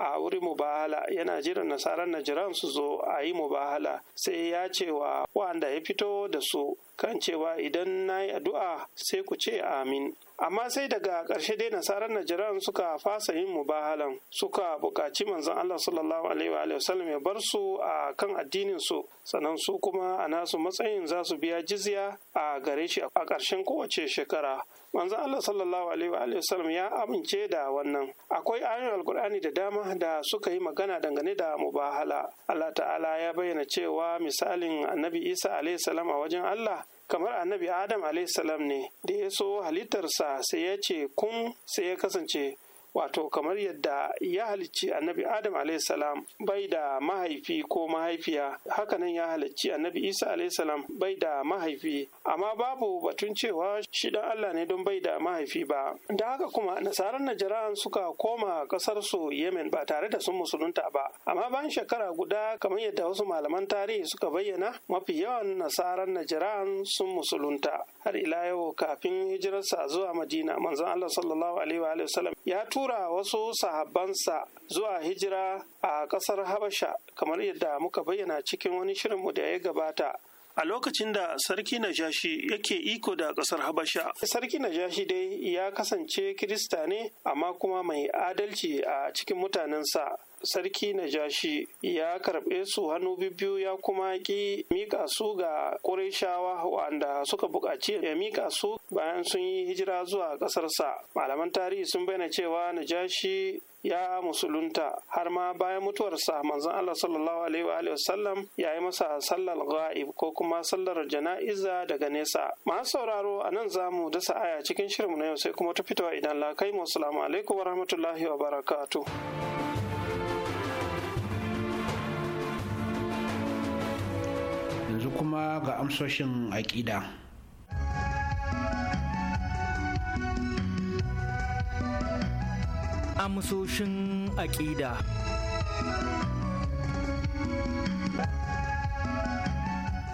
a wuri mubahala yana jiran nasarar najiran su zo a yi mubahala sai ya ce wa wanda ya fito da su kan cewa idan na yi addu'a sai ku ce amin amma sai daga ƙarshe dai nasarar najiran suka fasa yin mubahalan suka buƙaci manzon Allah sallallahu alaihi wa sallam ya bar su a kan addinin su sannan su kuma a nasu matsayin za su biya jizya a gare shi a ƙarshen kowace shekara manzon Allah sallallahu alaihi wa ya amince da wannan akwai ayoyin alkur'ani da dama da suka yi magana dangane da mubahala Allah ta'ala ya bayyana cewa misalin annabi Isa alaihissalam a wajen Allah kamar annabi Adam alaihissalam ne da ya so halittarsa sai ya ce kun sai ya kasance wato kamar yadda ya halicci annabi adam salam bai da mahaifi ko mahaifiya hakanan ya halicci annabi isa salam bai da mahaifi amma babu batun cewa shi dan allah ne don bai da mahaifi ba da haka kuma nasarar najara'an suka koma kasar su yemen ba tare da sun musulunta ba amma bayan shekara guda kamar yadda wasu malaman tarihi suka bayyana mafi yawan nasarar najara'an sun musulunta har ila yau kafin hijirarsa zuwa madina manzon allah sallallahu alaihi wa sallam ya tura wasu sahabbansa zuwa hijira a ƙasar habasha kamar yadda muka bayyana cikin wani shirinmu da ya gabata a lokacin da sarki najashi yake iko da ƙasar habasha sarki najashi dai ya kasance kirista ne amma kuma mai adalci a cikin mutanensa sarki na jashi ya karɓe su hannu biyu ya kuma ki mika su ga ƙureshawa wanda suka buƙaci ya mika su bayan sun yi hijira zuwa ƙasarsa malaman tarihi sun bayyana cewa na jashi ya musulunta har ma bayan mutuwarsa manzon Allah sallallahu alaihi wa sallam ya yi masa sallar ga'ib ko kuma sallar jana'iza daga nesa masu sauraro a nan za mu dasa aya cikin shirinmu na yau sai kuma ta fitowa idan la kai mu assalamu alaikum wa rahmatullahi wa barakatuh yanzu kuma ga amsoshin aƙida. Amsoshin aƙida.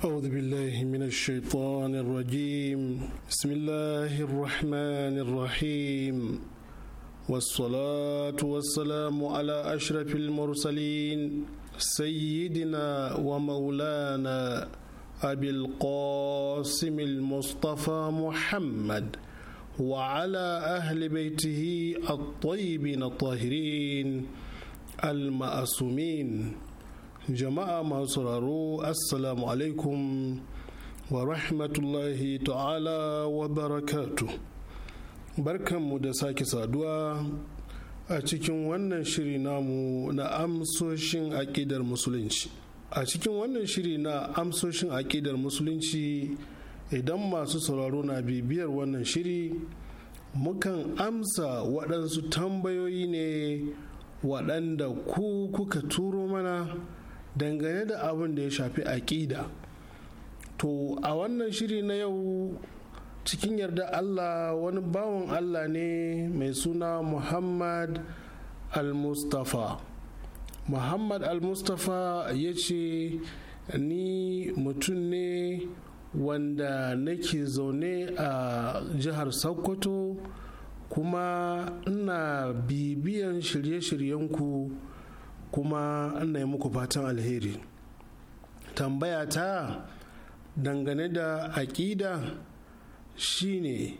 أعوذ بالله من الشيطان الرجيم بسم الله الرحمن الرحيم والصلاة والسلام على أشرف المرسلين سيدنا ومولانا أبي القاسم المصطفى محمد وعلى أهل بيته الطيبين الطاهرين المأسومين جماعة مصرارو السلام عليكم ورحمة الله تعالى وبركاته بركة مدساك سادوا a cikin wannan shiri namu na amsoshin aƙidar musulunci a cikin wannan shiri na amsoshin aƙidar musulunci idan masu sauraro na bibiyar wannan shiri mukan amsa waɗansu tambayoyi ne waɗanda ku kuka turo mana dangane da abin da ya shafi aƙida to a wannan shiri na yau cikin yarda allah wani bawan allah ne mai suna muhammad al-mustapha muhammad al mustafa ya ce ni mutum ne wanda nake zaune a jihar sokoto kuma ina bibiyan shirye-shiryenku kuma ina yi muku fatan alheri tambaya ta dangane da aƙida shine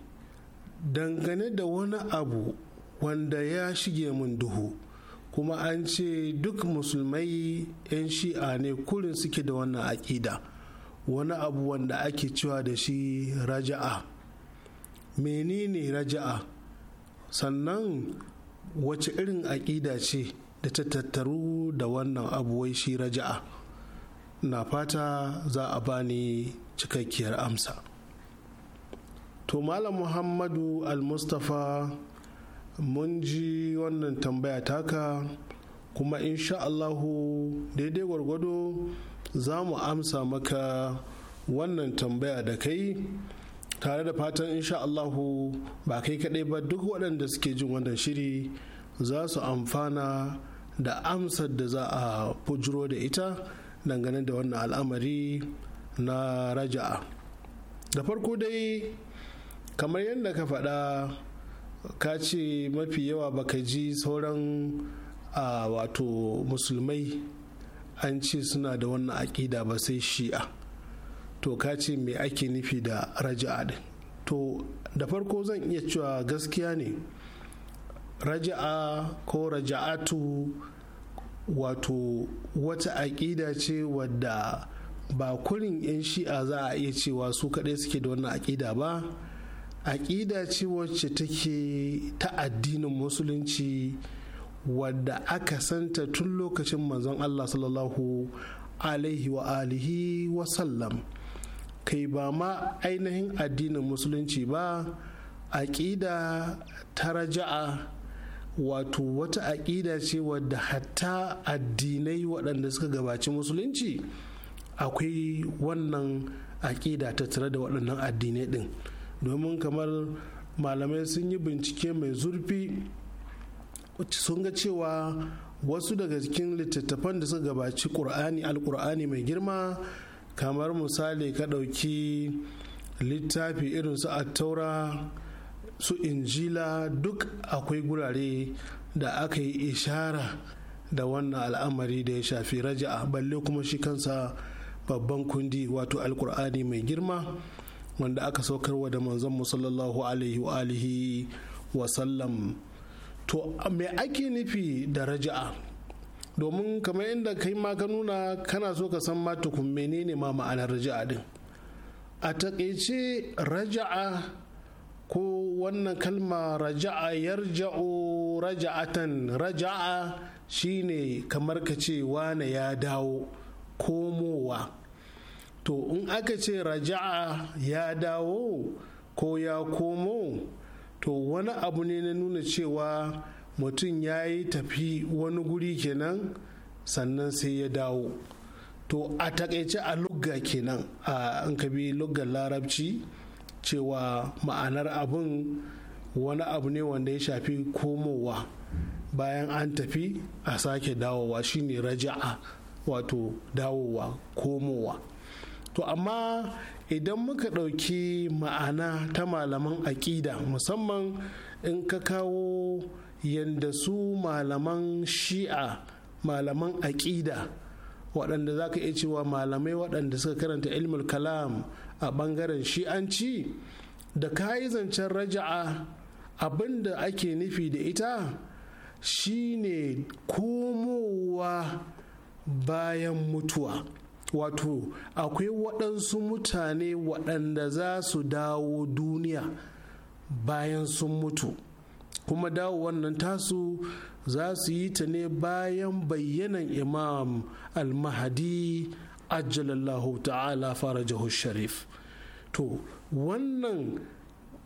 dangane da wani abu wanda ya shige min duhu kuma an ce duk musulmai 'yan shi'a ne kurin suke da wannan aƙida wani abu wanda ake cewa da shi raja'a menene raja'a sannan wace irin aƙida ce da ta tattaru da wannan abuwai shi raja'a na fata za a bani cikakkiyar amsa to malam muhammadu al mustafa mun ji wannan tambaya taka kuma insha Allahu daidai gwargwado za mu amsa maka wannan tambaya da kai tare da fatan insha Allahu ba kai kadai ba duk waɗanda suke jin wannan shiri za su amfana da amsar da za a fujiro da ita dangane da wannan al'amari na raja'a da farko dai kamar yadda ka faɗa ka ce mafi yawa baka ji sauran wato musulmai an ce suna da wannan aƙida ba sai shi'a to ka ce me ake nufi da raja'a din to da farko zan iya cewa gaskiya ne raja'a ko raja'atu wato wata aƙida ce wadda ba kurin 'yan shi'a za a iya cewa su kaɗai suke da wannan aƙida ba aƙida ce wacce take ta addinin musulunci wadda aka santa tun lokacin manzon Allah sallallahu alaihi wa alihi wa sallam kai ba ma ainihin addinin musulunci ba aƙida ta raja'a wato wata aƙida ce wadda hatta addinai waɗanda suka gabaci musulunci akwai wannan aƙida ta tare da waɗannan addinai ɗin. domin kamar malamai sun yi bincike mai zurfi sun ga cewa wasu daga cikin littattafan da suka gabaci ƙur'ani alƙur'ani mai girma kamar misali ka ɗauki littafi irin su attaura su injila duk akwai gurare da aka yi ishara da wannan al'amari da ya shafi a balle kuma shi kansa babban kundi wato alkur'ani mai girma wanda aka saukarwa da manzon mu sallallahu alaihi wa alihi wa sallam to me ake nufi da raja'a domin kamar inda kai ma ka nuna kana so ka san ma tukun menene ma ma'anar raja'a din a takaice raja'a ko wannan kalma raja'a yarja'u raja'atan raja'a shine kamar ka ce wane ya dawo komowa to in aka ce raja'a ya dawo ko ya komo to wani abu ne na nuna cewa mutum ya yi tafi wani guri kenan sannan sai ya dawo to a takaice a lugga kenan a ka bi luggar larabci cewa ma'anar abin wani abu ne wanda ya shafi komowa bayan an tafi a sake dawowa shine raja'a wato dawowa komowa to amma idan muka ɗauki ma'ana ta malaman aƙida musamman in ka kawo yadda su malaman shi'a malaman aƙida waɗanda za ka iya cewa malamai waɗanda suka karanta ilmul kalam a ɓangaren shi'anci da kayi zancen raja'a abinda ake nufi da ita shine komowa bayan mutuwa wato akwai waɗansu mutane waɗanda za su dawo duniya bayan sun mutu kuma dawo wannan tasu za su yi ta ne bayan bayyanan imam al-mahadi ajalallahu ta'ala farajahu sharif to wannan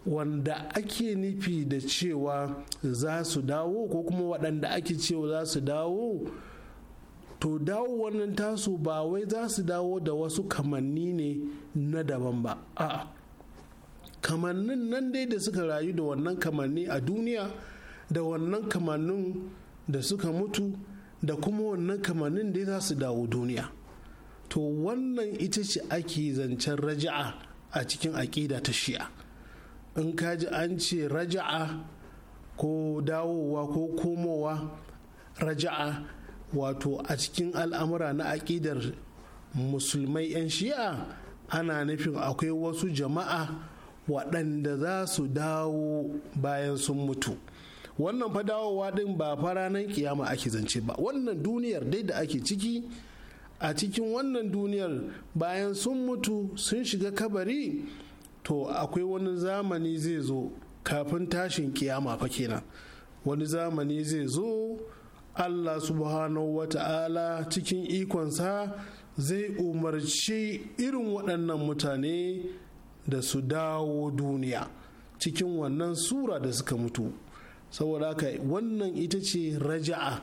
wanda ake nufi da cewa za su dawo ko kuma waɗanda ake cewa za su dawo to dawo wannan tasu ba wai za su dawo da wasu kamanni ne na daban ba a'a kamannin nan dai da suka rayu da wannan kamanni a duniya da wannan kamannin da suka mutu da kuma wannan kamannin dai za su dawo duniya to wannan ita ce ake zancen raja'a a cikin aƙida ta shi'a in kaji an ce raja'a ko dawowa ko komowa raja'a wato a cikin al'amura na aƙidar musulmai 'yan shi'a ana nufin akwai wasu jama'a waɗanda za su dawo bayan sun mutu wannan fa dawowa ɗin ba faranan kiyama ake zance ba wannan duniyar dai da ake ciki a cikin wannan duniyar bayan sun mutu sun shiga kabari to akwai wani zamani zai zo kafin tashin kiyama fa kenan wani zamani zai zo allah subhanahu wa ta'ala cikin ikonsa zai umarci irin waɗannan mutane da su dawo duniya cikin wannan sura da suka mutu saboda haka wannan ita ce raja'a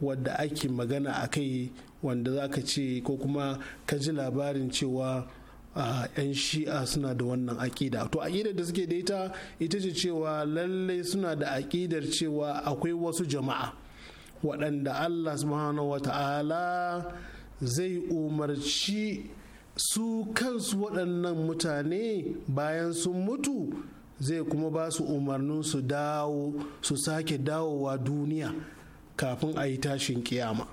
wadda ake magana a kai wanda za ka ce ko kuma ka ji labarin cewa a 'yan shi'a suna da wannan aƙida to aƙidar da suke da ita ita ce cewa lallai suna da aƙidar cewa akwai wasu jama'a waɗanda allah subhanahu wa ta'ala zai umarci su kansu waɗannan mutane bayan sun mutu zai kuma ba su umarnin su dawo su sake dawowa duniya kafin a yi tashin kiyama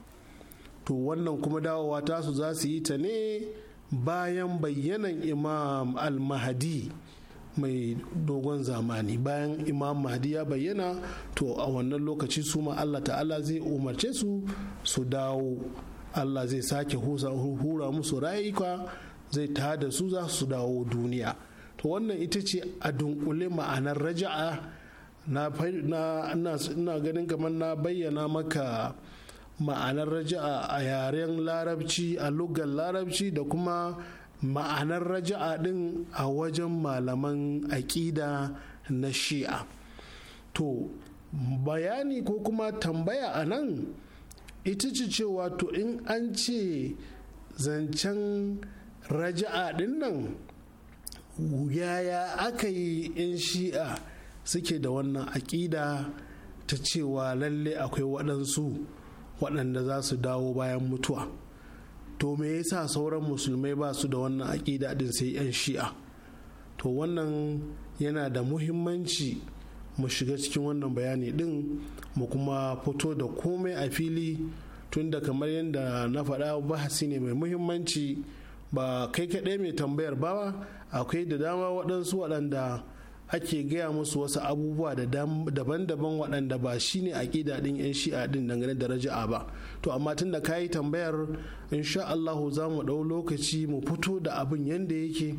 to wannan kuma dawowa tasu za su yi ta ne bayan bayyanan imam al-mahadi mai dogon zamani bayan imam mahdi ya bayyana to a wannan lokaci su ma allah ta'ala zai umarce su su dawo allah zai sake hura musu rayuka zai ta da su za su dawo duniya to wannan ita ce a dunkule ma'anar raja'a na ganin kamar na bayyana maka ma'anar raja'a a yaren larabci a lugar larabci da kuma ma'anar raja'a din a wajen malaman aƙida na shi'a to bayani ko kuma tambaya a nan ita ce cewa to in an ce zancen raja'a din nan yaya aka yi in shi'a suke da wannan aƙida ta cewa lalle akwai waɗansu waɗanda za su dawo bayan mutuwa to me yasa sauran musulmai ba su da wannan aƙida din sai 'yan shi'a to wannan yana da muhimmanci mu shiga cikin wannan bayani din mu kuma fito da komai a fili tunda kamar yadda na faɗa bahasi ne mai muhimmanci ba kai kaɗai mai tambayar ba akwai da dama waɗansu waɗanda ake gaya musu wasu abubuwa da daban-daban waɗanda ba shine aƙida ɗin 'yan shi'a ɗin dangane da raja'a ba to amma tun da ka yi tambayar insha Allahu za mu ɗau lokaci mu fito da abin yadda yake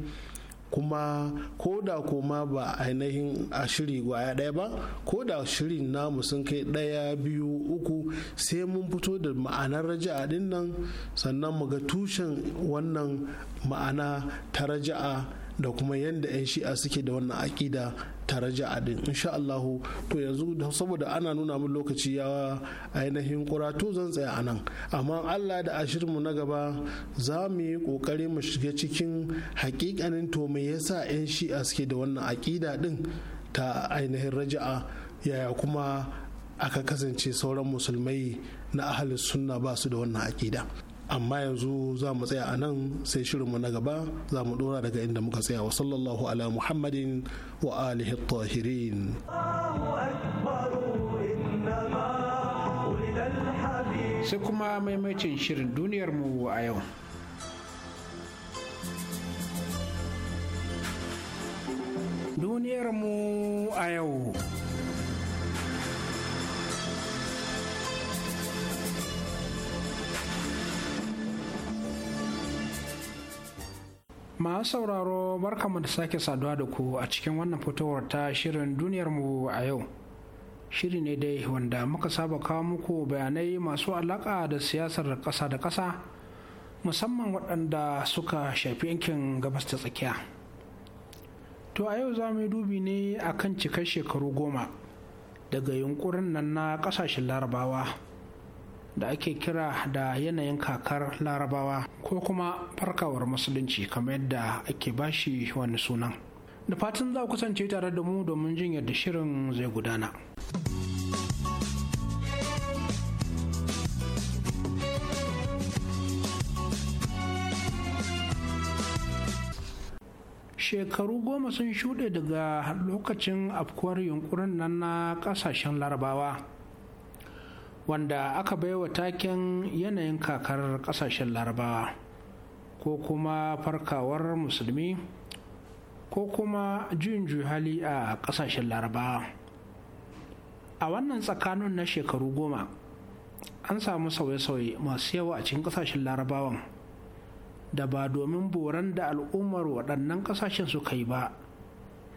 kuma ko da koma ba ainihin a shiri gwaya ɗaya ba ko da shirin namu sun kai ɗaya biyu uku sai mun fito da ma'anar raja'a ɗin nan sannan mu ga tushen wannan ma'ana ta raja'a da kuma yadda 'yan shi'a suke da wannan aƙida ta raja'a din insha Allah to yanzu saboda ana nuna min lokaci ya ainihin kuratu zan tsaya a nan amma Allah da ashirinmu na gaba za mu yi kokari mu shiga cikin hakikanin to me yasa 'yan shi'a suke da wannan aƙida din ta ainihin raja'a yaya kuma aka kasance sauran musulmai na ahalin sunna ba su da wannan aƙida amma yanzu za mu tsaya a nan sai shirinmu na gaba za mu dora daga inda muka tsaya wa sallallahu ala muhammadin wa alihi tahirin sai kuma maimacin shirin duniyarmu a yau duniyarmu a yau masu sauraro barkamu da sake saduwa da ku a cikin wannan fitowar ta shirin duniyarmu a yau shiri ne dai wanda muka saba kawo muku bayanai masu alaƙa da siyasar ƙasa da ƙasa musamman waɗanda suka shafi yankin gabas ta tsakiya to a yau za mu yi dubi ne akan cikar shekaru goma daga yunƙurin nan na ƙasashen larabawa da ake kira da yanayin kakar larabawa ko kuma farkawar musulunci kamar yadda ake bashi wani sunan da fatan za kusance kasance tare da mu domin jin yadda shirin zai gudana shekaru goma sun shuɗe daga lokacin afkuwar yunkurin nan na ƙasashen larabawa wanda aka baiwa taken yanayin kakar kasashen larabawa ko kuma farkawar musulmi ko kuma juyin hali a kasashen larabawa a wannan tsakanin na shekaru goma an samu sauye-sauye masu yawa a cikin kasashen larabawan da ba domin boran da al'ummar waɗannan kasashen suka yi ba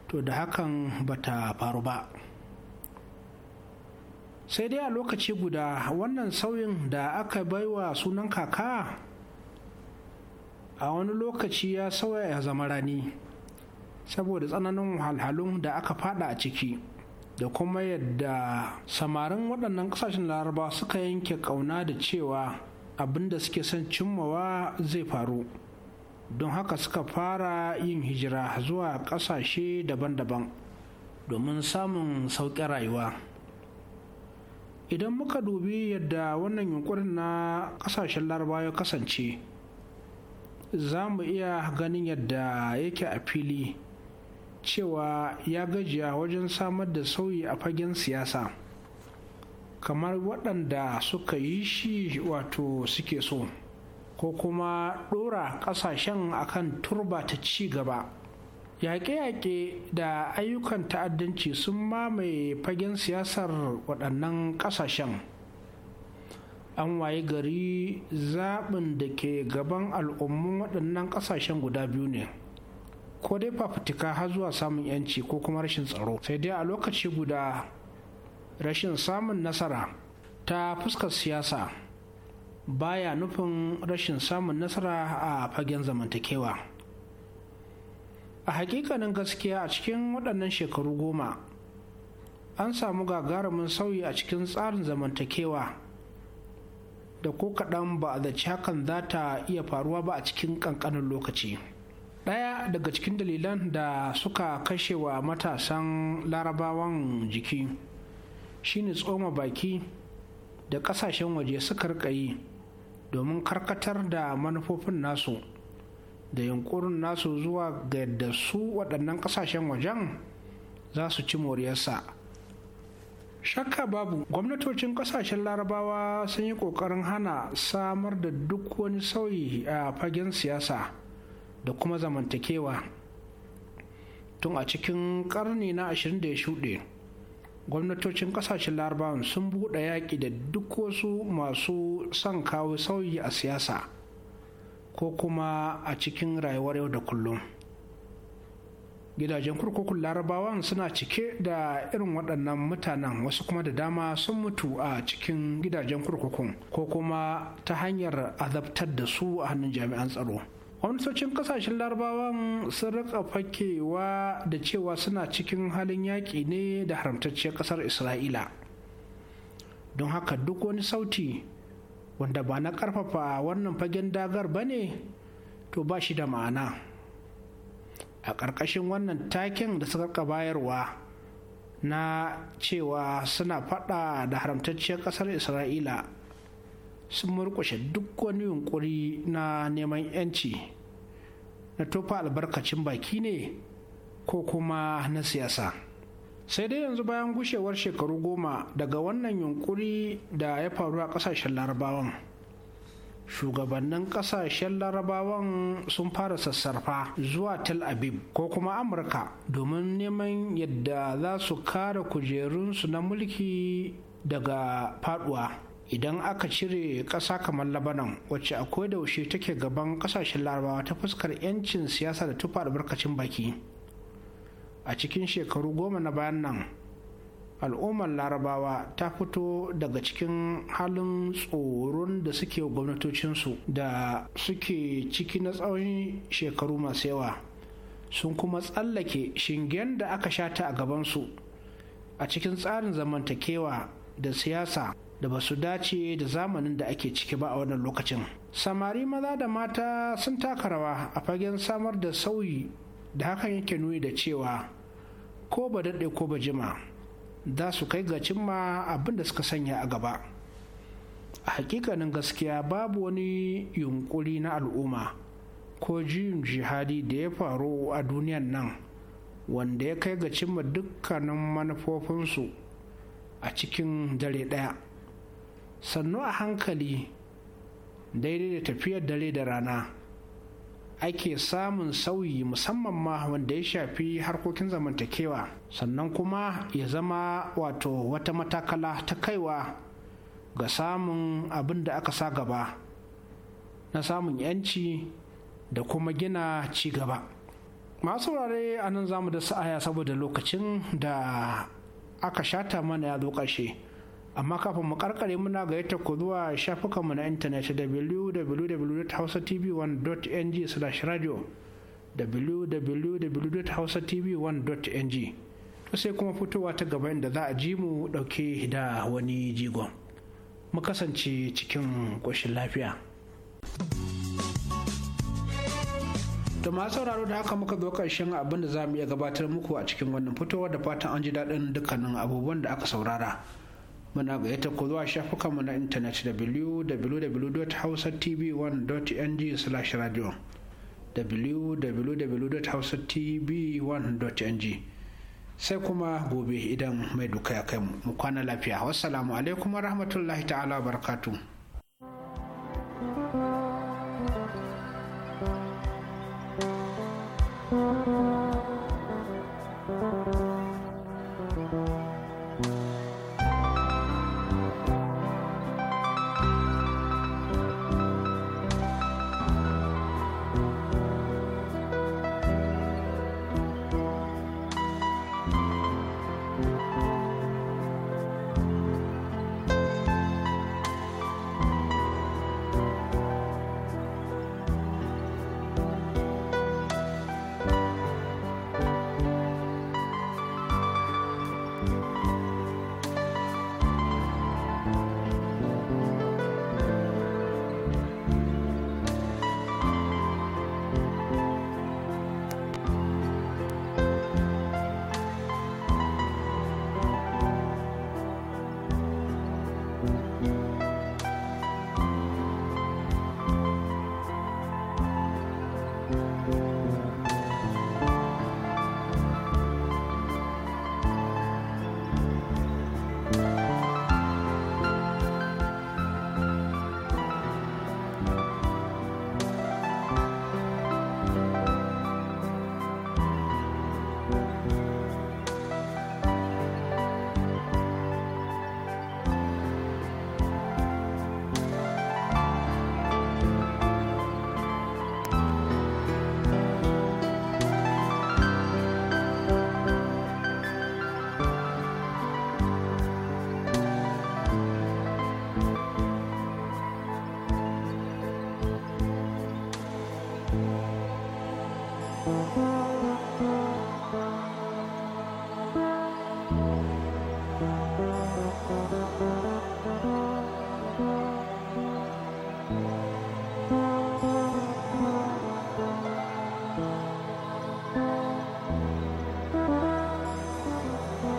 to da hakan bata faru ba sai dai a lokaci guda wannan sauyin da aka baiwa sunan kaka a wani lokaci ya sauya ya zama rani saboda tsananin halhalun da aka fada a ciki da kuma yadda samarin waɗannan ƙasashen laraba suka yanke ƙauna da cewa abin da suke son cimmawa zai faru don haka suka fara yin hijira zuwa ƙasashe daban-daban domin samun sauƙin rayuwa. idan muka dubi yadda wannan yunkurin na kasashen laraba ya kasance za mu iya ganin yadda yake a fili cewa ya gajiya wajen samar da sauyi a fagen siyasa kamar waɗanda suka yi shi wato suke so ko kuma ɗora ƙasashen akan turba ta ci gaba yaƙe-yaƙe da ayyukan ta'addanci sun mamaye fagen siyasar waɗannan ƙasashen an waye gari zaɓin da ke gaban al'ummun waɗannan ƙasashen guda biyu ne ko dai fafutuka har zuwa samun yanci ko kuma rashin tsaro sai dai a lokaci guda rashin samun nasara ta fuskar siyasa baya nufin rashin samun nasara a fagen zamantakewa. a hakikanin gaskiya a cikin waɗannan shekaru goma an samu gagarumin sauyi a cikin tsarin zamantakewa da ko kaɗan ba a zaci hakan za ta iya faruwa ba a cikin ƙanƙanin lokaci ɗaya daga cikin dalilan da suka kashe wa matasan larabawan jiki shine tsoma baki da ƙasashen waje suka rika yi domin karkatar da manufofin nasu da yunkurin nasu zuwa ga yadda su waɗannan ƙasashen wajen za su ci moriyarsa shakka babu gwamnatocin ƙasashen larabawa sun yi ƙoƙarin hana samar da duk wani sauyi a fagen siyasa da kuma zamantakewa tun a cikin ƙarni na ashirin da ya gwamnatocin ƙasashen larabawan sun buɗe yaƙi da duk wasu masu son kawo sauyi a siyasa ko kuma a cikin rayuwar yau da kullum gidajen kurkukun larabawan suna cike da irin waɗannan mutanen wasu kuma da dama sun mutu a cikin gidajen kurkukun ko kuma ta hanyar azabtar da su a hannun jami'an tsaro gwamnatocin kasashen larabawan sun rika fakewa da cewa suna cikin halin yaƙi ne da haramtacciyar ƙasar isra'ila don haka duk wani sauti wanda ba na karfafa wannan fagen dagar ba ne to ba shi da ma'ana a ƙarƙashin wannan taken da suka bayarwa na cewa suna faɗa da haramtacciyar ƙasar isra'ila sun murƙushe duk wani yunƙuri na neman 'yanci na tofa albarkacin baki ne ko kuma na siyasa. sai dai yanzu bayan gushewar shekaru goma daga wannan yunkuri da ya faru a kasashen larabawan shugabannin kasashen larabawan sun fara sassarfa zuwa tel aviv ko kuma amurka domin neman yadda za su kare kujerunsu na mulki daga faduwa idan aka cire ƙasa kamar labanan wacce akwai da take gaban kasashen larabawa ta fuskar 'yancin siyasa da tufa albarkacin baki a cikin shekaru goma na bayan nan al'ummar larabawa ta fito daga cikin halin tsoron da suke gwamnatocinsu da suke ciki na tsawon shekaru masu yawa sun kuma tsallake shingen da aka shata a gabansu a cikin tsarin zamantakewa da siyasa da ba su dace da zamanin da ake ciki ba a wannan lokacin samari maza da mata sun taka rawa a fagen samar da sauyi da hakan yake nuni da cewa ko ba daɗe ko ba jima za su kai ga cimma abin da suka sanya a gaba a hakikanin gaskiya babu wani yunƙuri na al'umma ko jiyun jihadi da ya faru a duniyan nan wanda ya kai ga cimma dukkanin manufofinsu a cikin dare ɗaya sannu a hankali daidai da tafiyar dare da rana ake samun sauyi musamman ma wanda ya shafi harkokin zamantakewa sannan kuma ya zama wato wata matakala ta kaiwa ga samun abin da aka sa gaba na samun yanci da kuma gina ci gaba masu wurare a nan zamu da sa'aya saboda lokacin da aka shata mana ya zo ƙarshe amma kafin mu karkare muna ga yadda ku zuwa shafukanmu na intanet www.hausatv1.ng slash radio www.hausatv1.ng to sai kuma fitowa ta gaba inda za a ji mu dauke da wani jigon mu kasance cikin ƙoshin lafiya da masu sauraro da haka muka zo ƙarshen abin da za mu iya gabatar muku a cikin wannan fitowa da fatan an ji daɗin dukkanin abubuwan da aka saurara muna gayyata ku zuwa shafukanmu na intanet www.hausatv1.ng/radio www.hausatv1.ng sai kuma gobe idan mai duka ya kai mu kwana lafiya wassalamu alaikum rahmatullahi ta'ala barakatu.